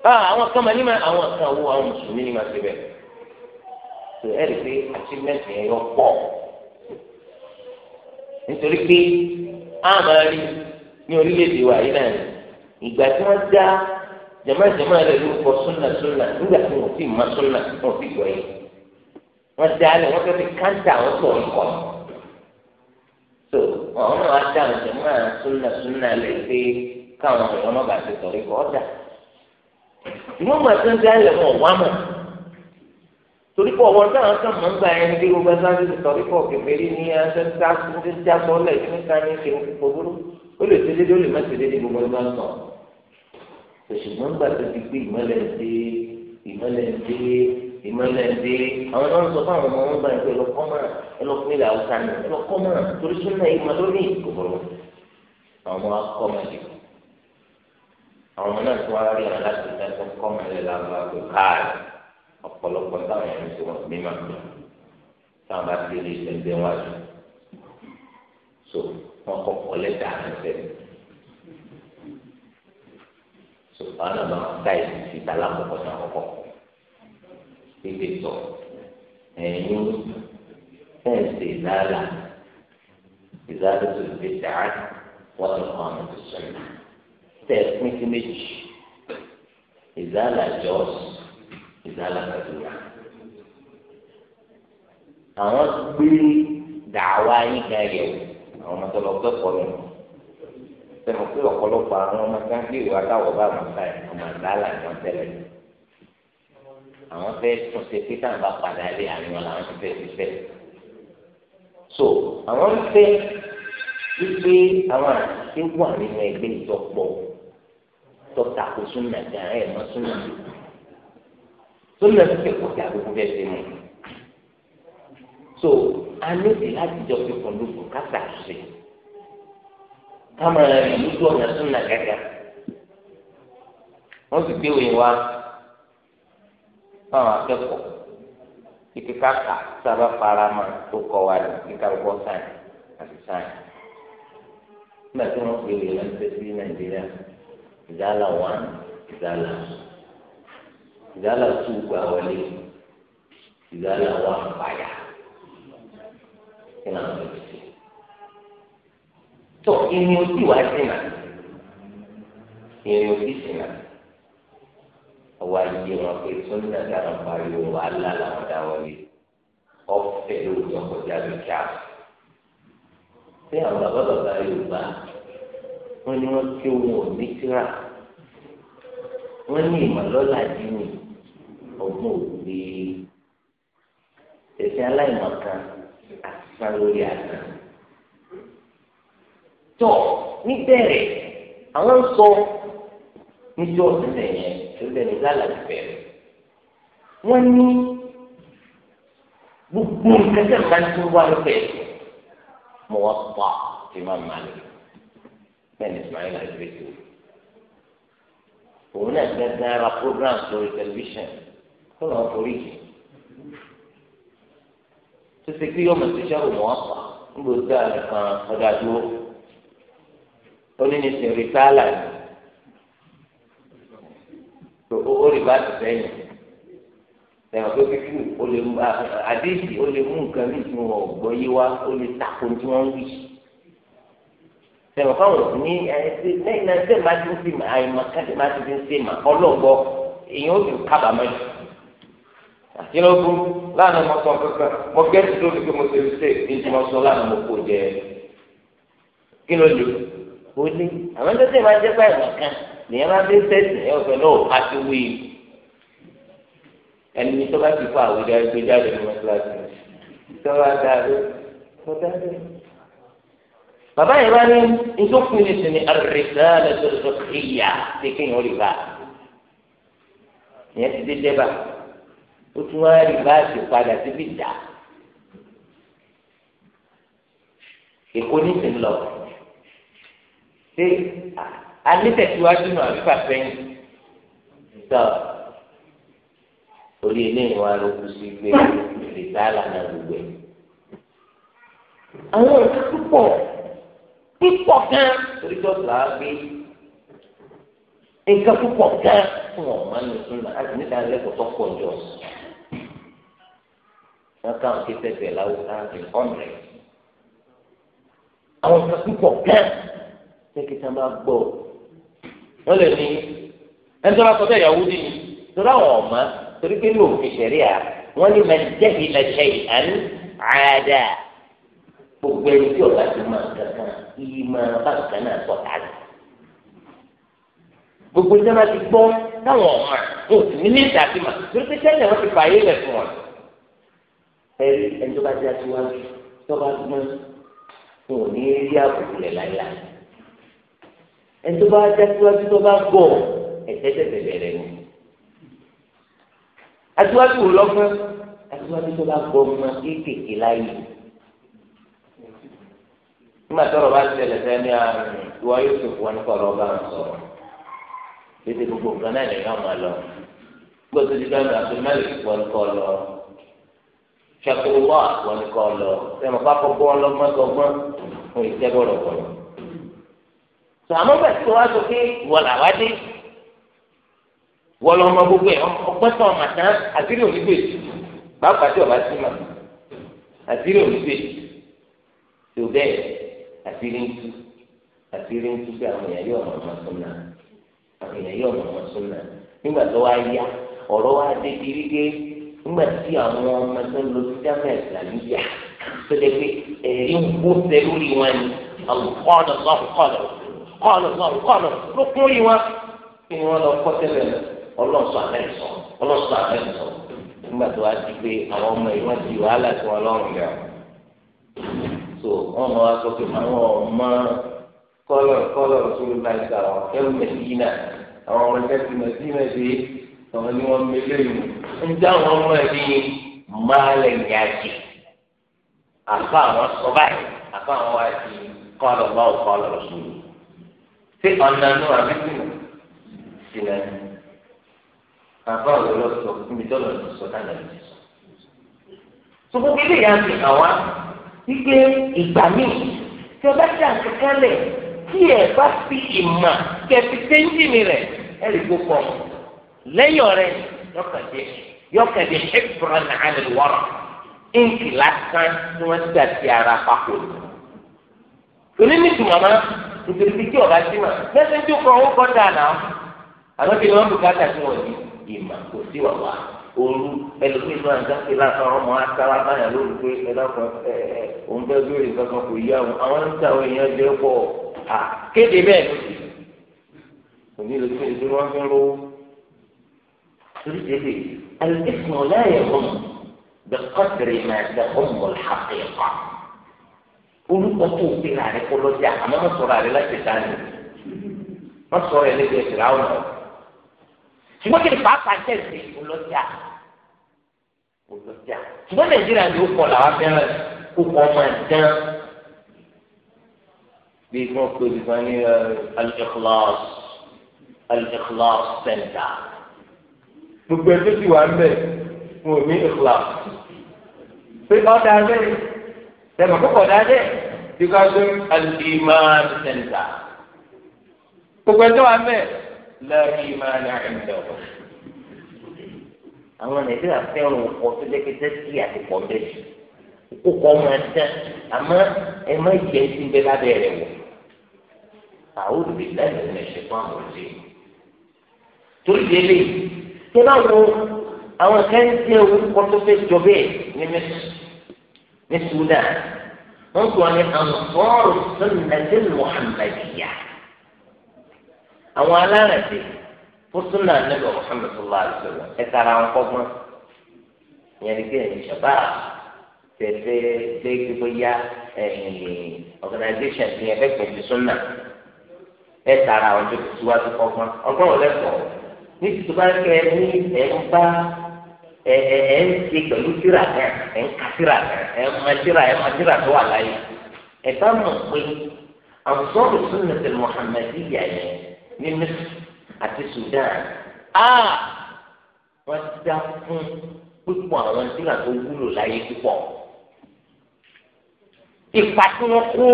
Ah, àwọn kan máa ní ma àwọn kan wo àwọn mùsùlùmí ní ma ṣe bẹ́ẹ̀ tó ẹ rí pé achievement yẹn yọ pọ̀ nítorí pé a máa rí ní orílẹ̀-èdè wa yìí náà ìgbà tí wọ́n dá jàmájàmá rẹ̀ lórúkọ súnà súnà nígbà tí wọ́n ti ma súnà wọ́n ti gbọ́ yìí wọ́n dá lẹ̀ wọ́n fẹ́ fi káńtà wọ́n sọ̀ ọ̀kọ̀ tó àwọn náà wá dá jàmájàmá súnà súnà lẹ̀ pé káwọn ọ̀rẹ́ wọn bá ti sọ̀rọ̀ ikọ̀ ọ̀dà ìwọ́n máa tẹ́ ń dá ilẹ̀ wọn wá mọ̀ torí pọ̀ wọn táwọn kan máa ń gba ẹni bí gbogbo ẹgbẹ́ ti sọ̀rí pọ̀ kékeré ní ẹsẹ̀ ń dá sọ́lẹ̀ ní káyọ̀ ṣe gbogbo ó lè ṣe déédéé ó lè má ṣe déédéé gbogbo ẹgbẹ́ sọ̀ ṣùgbọ́n gbà tó ti gbé ìmọ̀lẹ̀ ń dé ìmọ̀lẹ̀ ń dé ìmọ̀lẹ̀ ń dé àwọn náà ń sọ fún àwọn ọmọ wọn báyìí pé ẹlọ́kọ́ máa ẹlọ́kọ́ ilẹ̀ ni ẹlọ́kọ́ máa torí sún náà ìmọ̀lẹ́ àwọn ọmọ náà tó wá rí àwọn láti ìta tó kọ́ mọ́lẹ̀ lábọ́ àgbè káàdì ọ̀pọ̀lọpọ̀ táwọn yẹn ti wọ̀ mímọ́ táwọn bá ti rí ìṣẹ̀ǹdẹ̀ wájú so wọn kọ́ kọ́ lẹ́tà àtẹ̀tẹ̀ so àwọn náà máa ká ìlú ti ta lákòókò náà kọ́kọ́ pépè tọ̀ ẹ̀yìn fẹ́ǹsì ìlàlà ìlàlà tó lè dáa wọ́n ti kọ́ àwọn tó sọ̀rọ̀ tẹ̀ pín sí méjì ìzálà jọ́s ìzálà kàdúrà àwọn gbé dàwa yín kan yẹ̀ wò àwọn ọmọ tó lọ kẹ́kọ̀ọ́ nù sẹ́nu pé ọ̀pọ̀lọpọ̀ àwọn ọmọ tó ń gbé ìwà táwọ̀ bá wọn ká ẹ̀ ọmọ ìzálà ni wọ́n tẹ̀lé àwọn fẹ́ tún ṣe pé táwọn bá padà lé àríwọ̀n làwọn ti fẹ́ ti fẹ́ so àwọn fẹ́ wípé àwọn àti wà nínú ẹgbẹ́ ìjọpọ̀ tó tako súnmọ gan ẹ mọ súnmọ súnmọ tó fẹ́ kó tí àgbẹ̀kú fẹ́ ṣe so a níbi láti jọ fi kùn lóko káta ṣe kámẹ́rà rẹ̀ lójú ọ̀nà súnmọ gàgà wọ́n sì gbé wòye wá fáwọn akẹ́kọ̀ọ́ kíkẹ́ káka sábà fara mọ́ tó kọ́ wa ní kíkà gbọ́ sáyẹn àti sáyẹn nígbà tí wọ́n gbé wòye lọ́sẹ̀ sí nàìjíríà ìjálá one ìjálá ìjálá two gba wọlé ìjálá one fàyà kí náà lọ sí. tó ìní ojú wa sínà ìní ojú sínà ọwọ́ ayé wọn pé sọ́nà dára pariwo wàhálà làwọn dá wọlé ọ̀fẹ́ lórí ọkọ̀ jáde kíá sí àwọn bàbá bàbá Yorùbá wọn ni wọn kí wọn ò ní tíra wọ́n ní ìmọ̀lọ́lá jí ni ọgbọ́n òwe ẹ̀sìn aláìmọ̀kan àtìfá lórí àná. tọ́ níbẹ̀rẹ̀ àwọn ń sọ níjọ́ ọ̀sẹ̀ yẹn tó lẹ́nu lálàá bẹ̀rẹ̀ wọ́n ní gbogbo nǹkan tẹ̀ máa ń tún wá lọ́pẹ̀ mọ̀ wá pa ìmọ̀ màlẹ̀ bẹ́ẹ̀ ni Ismail àti bẹ́ẹ̀ tó òun náà gbẹ̀gbẹ̀ ara program lórí tẹlifíṣàn tó lọ́n forí jì tó ṣe pé yọmọ ṣiṣẹ́ òun wọ́n pa níbo tí a nìkan ọ̀dà dúró onínísìn rìtálà ni tó ó rí bá ti sẹ́yìn lẹ́yìn tó kíkú o lè mú àdéhìí o lè mú nǹkan ní ìtumọ̀ ọ̀gbọ́n yé wa o lè takò tí wọ́n ń wí sẹ̀wọ̀n fáwọn òsì ní ẹ̀ẹ́dẹ́ lẹ́yìn náà ṣé máa ti ń sèmà àìmọ̀ káde máa ti ń sèmà ọlọ́gbọ́ èèyàn ó sì kábàámọ̀ jù. àti lọ́gbọ́n lánàá mo sọ kankan mo gẹ́tù tó fi pé mo ṣe ṣe èyí mo sọ lánàá mo kò jẹ kí ló lè ó lé àwọn tó sèmà jẹ́ pé àìmọ̀ kan nìyẹn máa fi ń sẹ́sì ẹ̀ ọ̀fẹ́ náà á ti wí ẹni tó bá ti fọ àwùjọ ẹgbẹ́ jáde ní mọ́tíláṣí bàbá yẹn bá ní ìjókòó ní sinmi àrèsàlẹ̀ tòlótò ìyá tí kéèyàn ó lè bá ìyẹn ti dé débà ó tún wá rí báàsì padà síbi dà èkó ní sinmi lọ ṣé alítẹ̀síwájú náà àbí fàfẹ́yìn sọ orí eléyìí wá ló kú sí gbé ìrètá àlànà gbogbo ẹ̀ àwọn òkú púpọ̀ pípọ̀ gan torí tó sọ àgbé nǹkan púpọ̀ gan fún ọ̀ma ní ìsúná àti níta lẹ́kọ̀ọ́ tó pọ̀ jọ wọn káwọn ké tẹ́tẹ́ láwùjọ láti ọ̀nrẹ̀ àwọn nǹkan púpọ̀ gan tẹ́kítà máa gbọ́ wọ́n lè ní ẹni tó bá sọ bẹ́ẹ̀ yàwó dìní torí àwọn ọ̀ma torí pé ní òfin ṣẹ̀ríà wọ́n ní mẹ́tẹ́hìn gbogbo ẹni tí ọba ti máa kankan iye máa bá nǹkan náà sọ kálí gbogbo ẹni tí wọn ti gbọ́ táwọn ọmọ ẹ ò sì nílé ìdásí mà torí pé sẹ́yìn wọn ti fà yé lẹ fún wọn. ẹrí ẹni tó bá ti aṣíwájú tó bá gbọ́n tó ò ní rí àbùkù rẹ láíláí ẹni tó bá ti aṣíwájú tó bá gbọ́ ẹsẹ̀ tẹsẹ̀ bẹ̀rẹ̀ ni. aṣíwájú ò lọ́gbọ́n aṣíwájú tó bá gbọ́ ọmọ kéékèèké láyé nígbà tọrọ bá ṣẹlẹ̀ sẹni ìwà yóò tó fún wọn kọ ọ̀rọ̀ bá wọn sọ̀rọ̀ tètè gbogbo nǹkan náà nìyẹn máa lọ gbogbo tó ti bá mi àti mẹ́lìkì wọn kọ lọ ṣàkóso wọn kọ lọ sẹmọ pápọ gbọ ọlọ́gbọ́n gbọgbọn fún ìtẹgbọrọ bọlọ tó àmọ́ bẹ́ẹ̀ tó wá sọ pé ìwọ làwá dé wọ́n lọ ọmọ gbogbo ẹ̀ ọgbẹ́ tó ọmọ tán àtìrí onígbè bá pàdé ọba sí ma àtìrí onígbè tó bẹ́ẹ̀. àṣírí ń tú àṣírí ń tú sí àwọn èèyàn yóò mọ̀ ọmọ súnmọ́ àwọn èèyàn yóò mọ̀ ọmọ súnmọ́ nígbà tó wá yá ọ̀rọ̀ wá dé kiri nígbà tí àwọn ọmọ tó ń lo sídámẹ́ ìsìlámíyà tó lè pé ẹ̀rí ń kó wọn ni wọn kí wọ́n lọ kọ́ so wọn mọ wá sọ pé àwọn ọmọ kọlọ kọlọ sórí láì sá ọ kẹrù mẹsìnà àwọn ọmọ kẹrù mẹsìnà ṣe àwọn ni wọn mẹlẹ yìí ń dá àwọn ọmọ ẹ ní máàlẹ nyàjì àfa àwọn sọ báyìí àfa àwọn wá sí kọlọ báwo kọlọ sórí ṣé ọ̀nà inú àbí sínú sínú ẹni àfa òwe lọ sọ tọ́lọ̀ ní sọ náà lẹ́yìn sọ. sọ fún kí lè yá sí àwa wípé ìgbà míì tí ọba tí a ń kankan lẹ̀ tí ẹ bá fi ìmọ̀ kí ẹ fi téńjìnì rẹ̀ ẹ lè gbó pọ̀ lẹ́yìn ọ̀rẹ́ yọkàdé yọkàdé ẹ̀bùrọ̀ náà lè wọ̀rọ̀ ínkì lásán tí wọ́n ti dàtí ara papò ní. torí ní tùmọ̀mọ́ nítorí pé kí ọba sí mà mẹ́sẹ̀ńtì kan ó kọ́ dáa náà àlọ́ bí bùkátà tí wọ́n ní ìmọ̀ kò sí wàhálà òru ẹlòmíì náà ń dáńtì láàfin àwọn ọmọ akára báyà lórí pé ẹlọ́kọ̀ ẹ ẹ òun bẹ́ẹ̀ lórí kankan kò yá àwọn àwọn ń tàwọn èèyàn jẹ́ pọ̀ à kéde bẹ́ẹ̀ lóṣù òní lè fi ìdúró wọn fi ń lówó torí tètè alẹ́sìn ọ̀láyẹ̀ hàn bẹ́kọ̀tìrì máa dẹ ọmọ ìhàpẹ̀ẹ́fà olùkọ́ tó o gbé rà rẹ kọ́ lọ́jà àmọ́ mọ̀ sọ̀rọ̀ láti dání mọ̀ sọ̀rọ̀ rẹ lẹ́gbẹ̀ẹ́ ṣùgbọ́n kí ni pàápàá ń tẹ̀sí olọ́jà olọ́jà ṣùgbọ́n nàìjíríà ló kọ làwọn fẹ́ràn kó kọ́ ọmọ ẹ̀dán bí wọ́n pè é fún ní al-ikhlas al-ikhlas center gbogbo ẹgbẹ́ ti wà ń bẹ̀ wọn ò ní ikhlas pé ọ̀dà bẹ́ẹ̀ tẹ̀mọ̀ kókò ọ̀dà bẹ́ẹ̀ bí wọ́n pè é al-iman center gbogbo ẹgbẹ́ wà ń lẹ́rìí ìmọ̀ràn àìmọ̀ àwọn nàìjíríà fẹ́ràn ọkọ̀ tó jẹ́ pé tẹ́sí àti pọ̀ bẹ́ẹ̀ kó kọ́ máa dán àmọ́ ẹ má yẹ ẹtí bẹ́ẹ̀ lábẹ́ rẹ̀ wọ̀ àwọn olùdílé lẹ́nu ẹ̀ ṣe fún àwọn ọ̀dẹ́ torí délé tí bá wo àwọn kẹ́ńtì orúkọ tó fẹ́ jọ bẹ́ẹ̀ ní mẹ́sì ní sudan wọ́n kọ́ ni àwọn fọ́ọ̀rù sọ́nà àwọn alárẹ̀tì fúsùnà nígbà Muhammad sallallahu alaihi wasallam ẹ kọ́gbọ́n ìyẹn tẹ̀sẹ̀ gbogbo ẹ̀fẹ́ pẹ̀lú súnà kọ́gbọ́n ọgbọ́n ò lẹ́kọ̀ọ́ ní bá ẹ ní ń bá ẹ ẹ ń pẹ̀lú kan ń ka kan ní Misr àti Sudan a wọ́n dá fún pípọ̀ àwọn sílà tó wúlò láyé púpọ̀ ipa tí wọ́n kó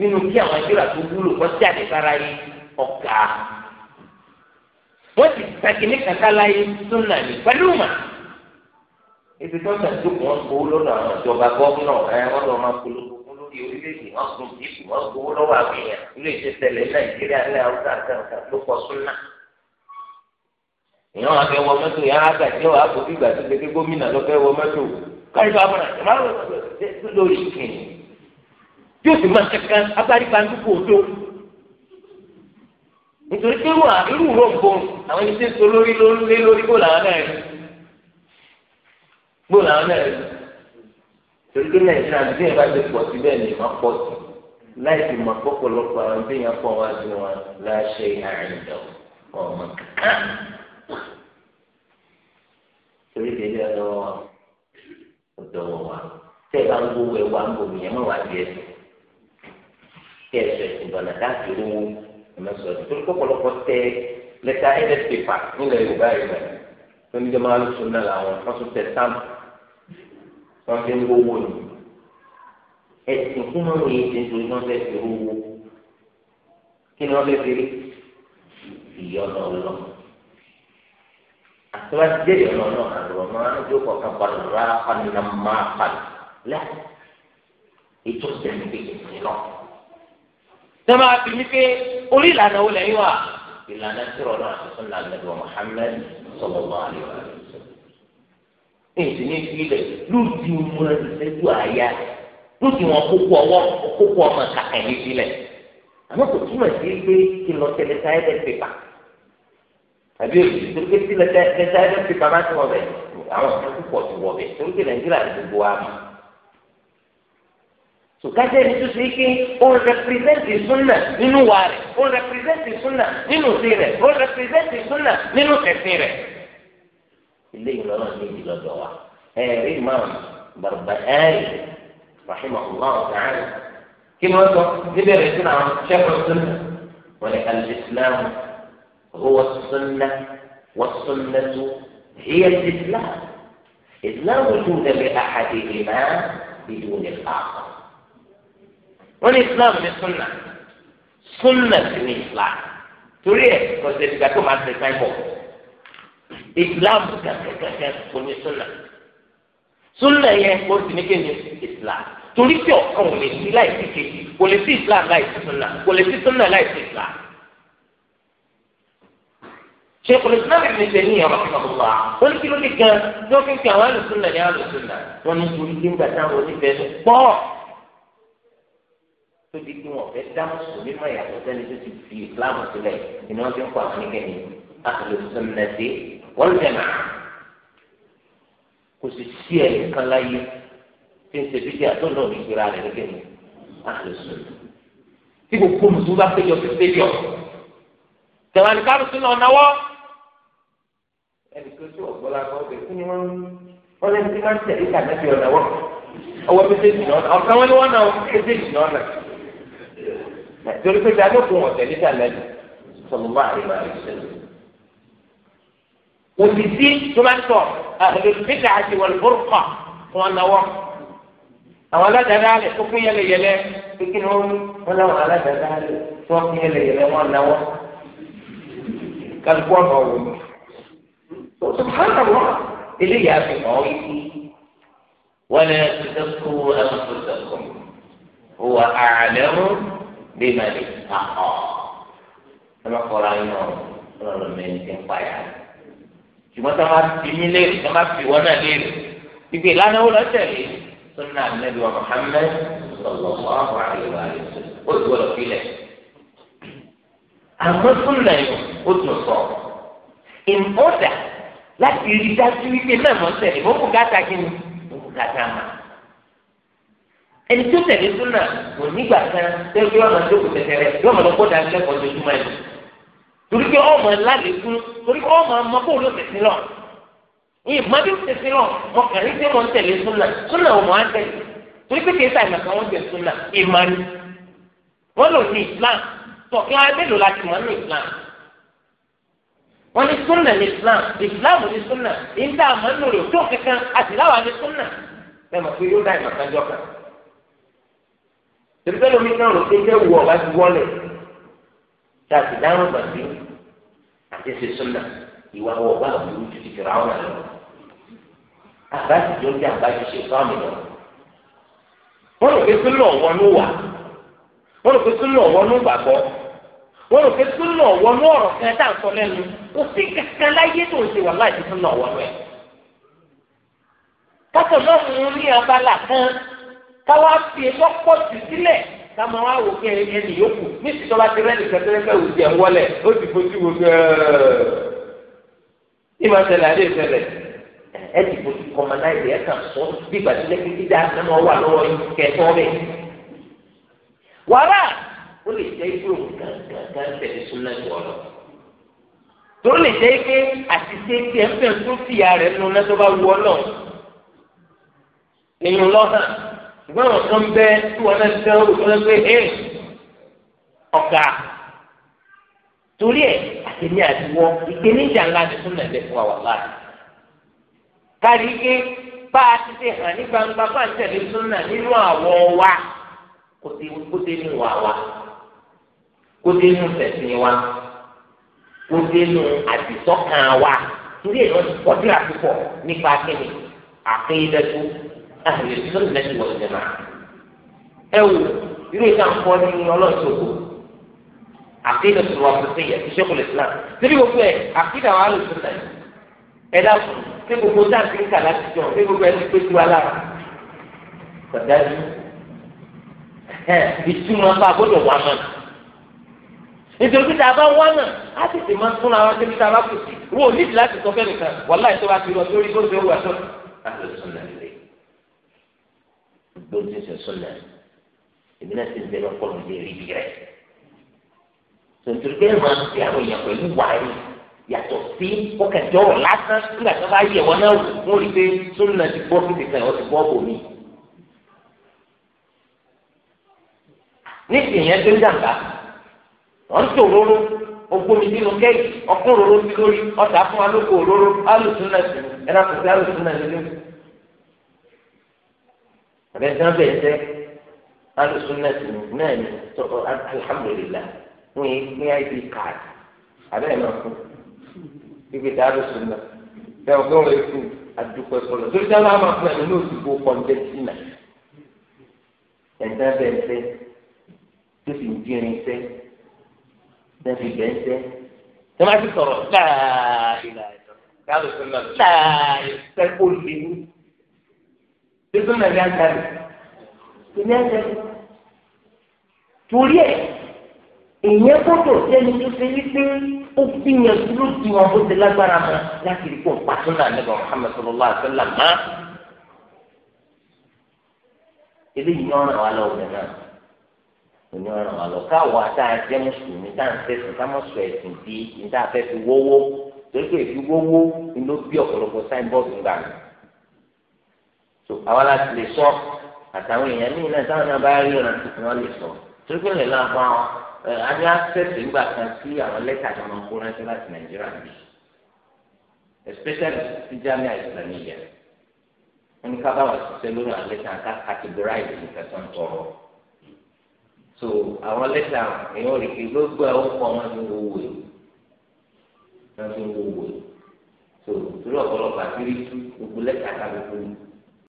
nínú kí àwọn sílà tó wúlò wọ́n jáde sára yìí ọ̀gá wọ́n ti sàkí ní kàkà láyé súnà ní pẹ̀lú mà ibi tó ń tàdúkù wọn kó lọ́dọ̀ àwọn ìjọba gọ́ọ̀nà ẹ̀ wọ́n lọ́ọ́ máa polówó. di orílẹ̀-èdè wọn gùn jíìpù wọn gbowó lọ́wọ́ àwọn ilé iṣẹ́ tẹ̀lé nàìjíríà ní haúsá kankan ló pọ̀ súnà. ìyá wọn fẹ́ wọ mọ́tò yẹn á gàdí ọ̀ àpò bí gbàdúrà pé gómìnà ló fẹ́ wọ mọ́tò káyọ̀ bá mọ̀nà ìmọ̀ àwọn ọ̀dọ́ lórí kìnnì yóò sì máa kankan agbárí gbàndúgbò tó nítorí pé wà irú torí pé nàìjíríà bí èèyàn bá ti pọ̀ sí bẹ́ẹ̀ ni ìmọ̀ pọ̀ sí láì fi mọ̀ pọ̀pọ̀lọpọ̀ àwọn bí èèyàn pọ̀ wá sí wọn láṣẹ àìdá ọmọ kankan torí dèjì ọ̀dọ̀ wọn ọ̀dọ̀ wọn wà tẹ́ ẹ bá ń gbowó ẹ wá ń bò mí ẹ má di ẹsẹ̀ kí ẹsẹ̀ ìbànú láti rówó ẹ má sọ̀rọ̀ torí pọ̀pọ̀lọpọ̀ tẹ lẹ́tà ẹ̀ lẹ́tà nílẹ̀ yorùbá yìí tó ní wọn fi ń wówó ni ẹsìn fún wọn yìí ti ń torí wọn fẹẹ fi wówó kí ni wọn fẹẹ fi rí ìyọnà ọlọ àtiwájú jẹ ìyọnà ọlọ àdúrà máa ń jókòó kan pàdé rárá pàdé náà máa pàdé lẹ ètò ìsẹ̀mí kékeré nínú. sọ́mà bí mi pé orí ìlànà wo lẹ́yìn wa ìlànà tí ọ̀rọ̀ náà ti sún lálẹ́ sọ̀rọ̀ wà lẹ́yìn wa èsì ní ìfilẹ̀ lóòdì wọn ìṣẹ́jú àyà lóòdì wọn kókó ọwọ́ kókó ọmọ kàkà ní ìfilẹ̀ àmọ́ kò túmọ̀ sí pé kí lọ tẹ̀lé sáyẹ́dẹ̀ pépà àbí òṣìṣẹ́ pé kí lọ tẹ̀lé sáyẹ́dẹ̀ pépà má ti wọ̀ bẹ̀ àwọn ọ̀sán púpọ̀ ti wọ̀ bẹ̀ torí pé nàìjíríà ti gbogbo wa mọ̀ sùkájẹ́ ní túnṣe ike ó ń rẹpírẹ́sẹ̀tì súnà nínú wa rẹ̀ ó ń rẹpírẹ́sẹ̀tì súnà nínú sí rẹ̀ ó ń rẹpírẹ́sẹ̀tì súnà nínú tẹ̀sí rẹ̀. eléyìí lọ́nà ní ìdí lọ́dọ̀ wa ẹ̀rí imam barbahari rahimahullah ta'ala kí ni wọ́n sọ níbẹ̀ rẹ̀ sínú àwọn sẹ́kọ̀ sunna wọ́n ní al-islam huwa sunna wa sunnatu hiya al-islam islam wujuda bi ahadihima bidun al-akhar wọ́n ní islam ní sunna sunna sí ní islam torí ẹ̀ kọ́sẹ̀ ìgbà tó máa ń tẹ̀ sáyẹ̀ bọ̀. islam kankankan kò ní sunna sunna yẹn kò sí ní kéde islam torí pé ọ̀kan ò lè sí láì sí kejì kò lè sí islam láì sí sunna kò lè sí sunna láì sí islam. شيخ الاسلام ابن تيميه رحمه الله قال كيلو اللي كان لو كان كان اهل السنه يا اهل السنه ونقول لهم ده كان ودي بيت با تدي كي هو بيت دام سوري ما يا ده اللي في الاسلام سله ان هو كان قاعد يقول اهل السنه wọ́n jẹ̀nà kò sì sí ẹ̀ kan láyé tí ń ṣe bíbí àtọ́nà òní ìgbéra rẹ̀ ní kéwìn àlùsùn tí gbogbo mùsùlùmí bá péjọ sí stadium tẹ̀wọ́n ní kárùsù náà náwọ́ ẹnì kan tí wọ́n gbọ́ lágbọ́ bẹ̀ kí ni wọ́n wọ́n lẹ́nu tí wọ́n ń tẹ̀lé ìtàn náà fi ọ̀nà wọ́ ọwọ́ méjèèjì náà ọ̀kan wọn ni wọ́n náà méjèèjì náà nà torí pé dáadọ́ kò wọ́n tẹ̀lé ìtàn náà sọ̀rọ̀ máa rí máa rí sẹ́yìn òsìsí tó máa ń tọ̀ àlùfíìlà àti wàlúbọ̀rùkà wọn náwó àwọn aládàáda alẹ tó kún yẹlẹyẹlẹ kékeré wọn wọn náwó aládàáda alẹ tó kún yẹlẹyẹlẹ wọn náwó kálukú ọmọ wò ni subhana wa eléyà fi hàn yìí wọn lè tẹsán àwọn tó sẹkọọ wọ àlẹmú bí màlẹ àhọ ẹ má kọra yín ọ lọrọ ń pa yàrá ṣùgbọ́n tí wọ́n bá fi mí léèrè tí wọ́n bá fi wọ́n náà léèrè ìgbè lánàá ó lọ tẹ̀lé sunna anabi wa muhammed sallallahu alayhi wa sallam ó ti wọ́n fi lẹ̀. àmọ́ sunna yìí ó tún sọ in order láti rí dájú wípé náà mọ̀ tẹ̀lé mo kò gàtà kí ni mo kò gàtà mà. ẹni tó tẹ̀lé sunna kò nígbà kan tẹ́lẹ̀ yọ̀ọ́ máa dókòó tẹ̀tẹ̀rẹ̀ yọ̀ọ́ máa lọ kó dáa lẹ́kọ̀ọ́ torí pé ọmọ ẹlẹ́lẹ́ fún torí pé ọmọ ọmọ bó ló tẹ̀sí lọ ìyẹn má bí ó tẹ̀sí lọ mọ kàrí tí mo ń tẹ̀lé súnà súnà ò mọ torí pé kìí sàìmọ̀ kan wọ́n jẹ súnà ìmánì wọ́n lò ní Islam tọ̀kí wọn abẹ́lò láti mọ̀ ní Islam wọ́n ní súnà ní Islam Islam ní súnà ìdá àmọ́ nù rẹ̀ tó kankan àti láwa ní súnà bẹ́ẹ̀ mọ̀ pé yóò dá ìmọ̀ kan jọ kan torí pé lómi náà tá a ti dáhùn gbàgbé àti ṣe súnà ìwà wọ̀ bá àwọn ìlú ju ti fìrà àwọn àlọ́ àbá ti jọ ń dé àbájú ṣe fáwọn ìlọ. wọ́n rò pé súnà ọ̀wọ́ ló wà wọ́n rò pé súnà ọ̀wọ́ ló gbàgbọ́ wọ́n rò pé súnà ọ̀wọ́ ló ọ̀rọ̀ kan tá à ń sọ lẹ́nu kò sí kankan láyé tó ń ṣe wà láì súnà ọ̀wọ́ rẹ̀. kátó náà mú ní abala kan káwá fi ẹgbọ́ pọ̀ sí sílẹ̀ ká máa wá wò kí ẹni yòókù ní ìsìtọ́ba ti rẹ́ni kẹtẹ́rẹ́fẹ́ wò tiẹ̀ wọlé ó ti fojú wo gẹ́ẹ́ ìmọ̀ ṣẹlẹ̀ adé ṣẹlẹ̀ ẹ ti fojú kọ́mọdáìdì ẹ̀ kàn sọ bí gbàdúrà kí dídá nínú ọwọ́ àlọ́wọ́ yìí kẹtọ́ bẹ́ẹ̀. wàrà ó lè jẹ́ ikú òun gàgàgà tẹ̀lé súnmọ́ ìwọ̀lọ́ tó lè jẹ́ pé àtìsé tiẹ̀ ń fẹ́ tó fìyà rẹ̀ nínú lẹ́tọ́ bá ṣùgbọ́n àwọn kan bẹ tí wọ́n náà tẹ́ òkú lọ pé ẹ ọ̀gá torí ẹ̀ àtẹ̀mí àtiwọ́ ìpèníjà ńlá ti tún nàlẹ́ fún àwọn láàyè kárí pé bá a ti ṣe hàn ní gbangba bá ń tẹ̀lé súnà nínú àwọ̀ wa kò sí kó dé nù wà wa kó dé nù tẹ̀sìn wa kó dé nù àdìsọ́kàn wa torí ẹ̀ wọ́n ti kọjú nípa kíni àkéyédẹ́tú ahli sunnati wal jamaa'ah ẹ wò irú ìta ń kọ́ ní ọlọ́sọ̀gbò àkídà tó wà fún sẹ́yà tí sẹ́kù Islam níbi gbogbo ẹ̀ àkídà wà lù sùn náà ẹ dákun pé gbogbo dáàbì ń kà láti jọ pé gbogbo ẹ ti pé tiwa lára kọ̀dájú ìtumọ̀ bá gbọ́dọ̀ wà mọ́ nítorí pé tá a bá wá náà á tètè máa tún ara wọn débi wọn ò nídìí láti sọ fẹ́ nìkan wàláì tó bá ti lọ sórí bó ṣe wù gbogbo tí ń sè sọlẹ èmi náà ti ń bẹ lọkọ lóde rí bí rẹ tòtò bẹ́ẹ̀ máa ń fi àwọn èèyàn pẹ̀lú wáyé yàtọ̀ sí kókẹjọ rọ lásán nígbà tó bá yẹ wọn náà wò wọn rí pé sọlẹ ti bọ fún ìdìkan ọ ti bọ bò mí. ní ìyẹn tó ń dàgbà wọn ń tò róró ogbomi nínú kẹ́yì ọkùnrin róró sí lórí ọ̀tá fún alóko òróró alùsùn náà sí ẹ̀rọ àkùnrin alùsùn náà sí lórí àbẹ̀sán bẹ̀rẹ̀ sẹ́ alùsùn náà sì náà ní alihamudulilayi fún yín ní id card àbẹ̀rẹ̀ náà fún ibi tí alùsùn náà bẹ́ẹ̀ ọgbọ́n rẹ̀ fún adúpẹ́ sọ̀rọ̀ torí sábà máa fún ẹ̀mí náà òsìkò kọ́ńtẹ́tì náà ẹ̀sán bẹ̀rẹ̀ sẹ́ tó sì ń dírin sẹ́ tẹ́sí bẹ́ẹ̀ sẹ́ tẹ́mátì sọ̀rọ̀ láàyè láàyè alùsùn náà láàyè sẹ́ kó lè ní gbégbé náà ní àtàlẹ ìní àtàlẹ torí ẹ èèyàn gbọ́dọ̀ sẹni tó ṣe wípé ó gbìyànjú ló di wọn bó ti lágbára mọ láti rí kó pàtó náà nígbà Muhammad sallallahu alaihi wasallam má eléyìí ní ọ̀ràn wa lọ obìnrin náà òní ọ̀ràn wa lọ káwọ àti àjẹ mùsùlùmí tá à ń tẹsán ká mọ sọ ẹsìn di níta fẹẹ fi wọwọ torí pé ìfi wọwọ ni ló bí ọ̀pọ̀lọpọ̀ sáyẹn so àwa láti lè sọ àtàwọn èèyàn míì náà táwọn náà bá rí ọ̀nà tuntun wọn lè sọ torípé lè lọ bá wọn a ní àṣẹ̀ṣẹ̀ ńgbà kan sí àwọn lẹ́tà tó máa ń kó ránṣẹ́ láti nàìjíríà bí especially sí jamiu islamiyya wọn ní ká bá wọn ṣiṣẹ́ lórí àwọn lẹ́tà ká categorize nǹkan tó ń tọrọ so àwọn lẹ́tà èèyàn rí i gbogbo ẹ̀ ó kọ́ wọn ní owó ẹ̀ wọn ní owó ẹ̀ so torí ọ̀pọ̀lọpọ̀ àti rí gbogbo lẹ́tà ká gbogbo yìí.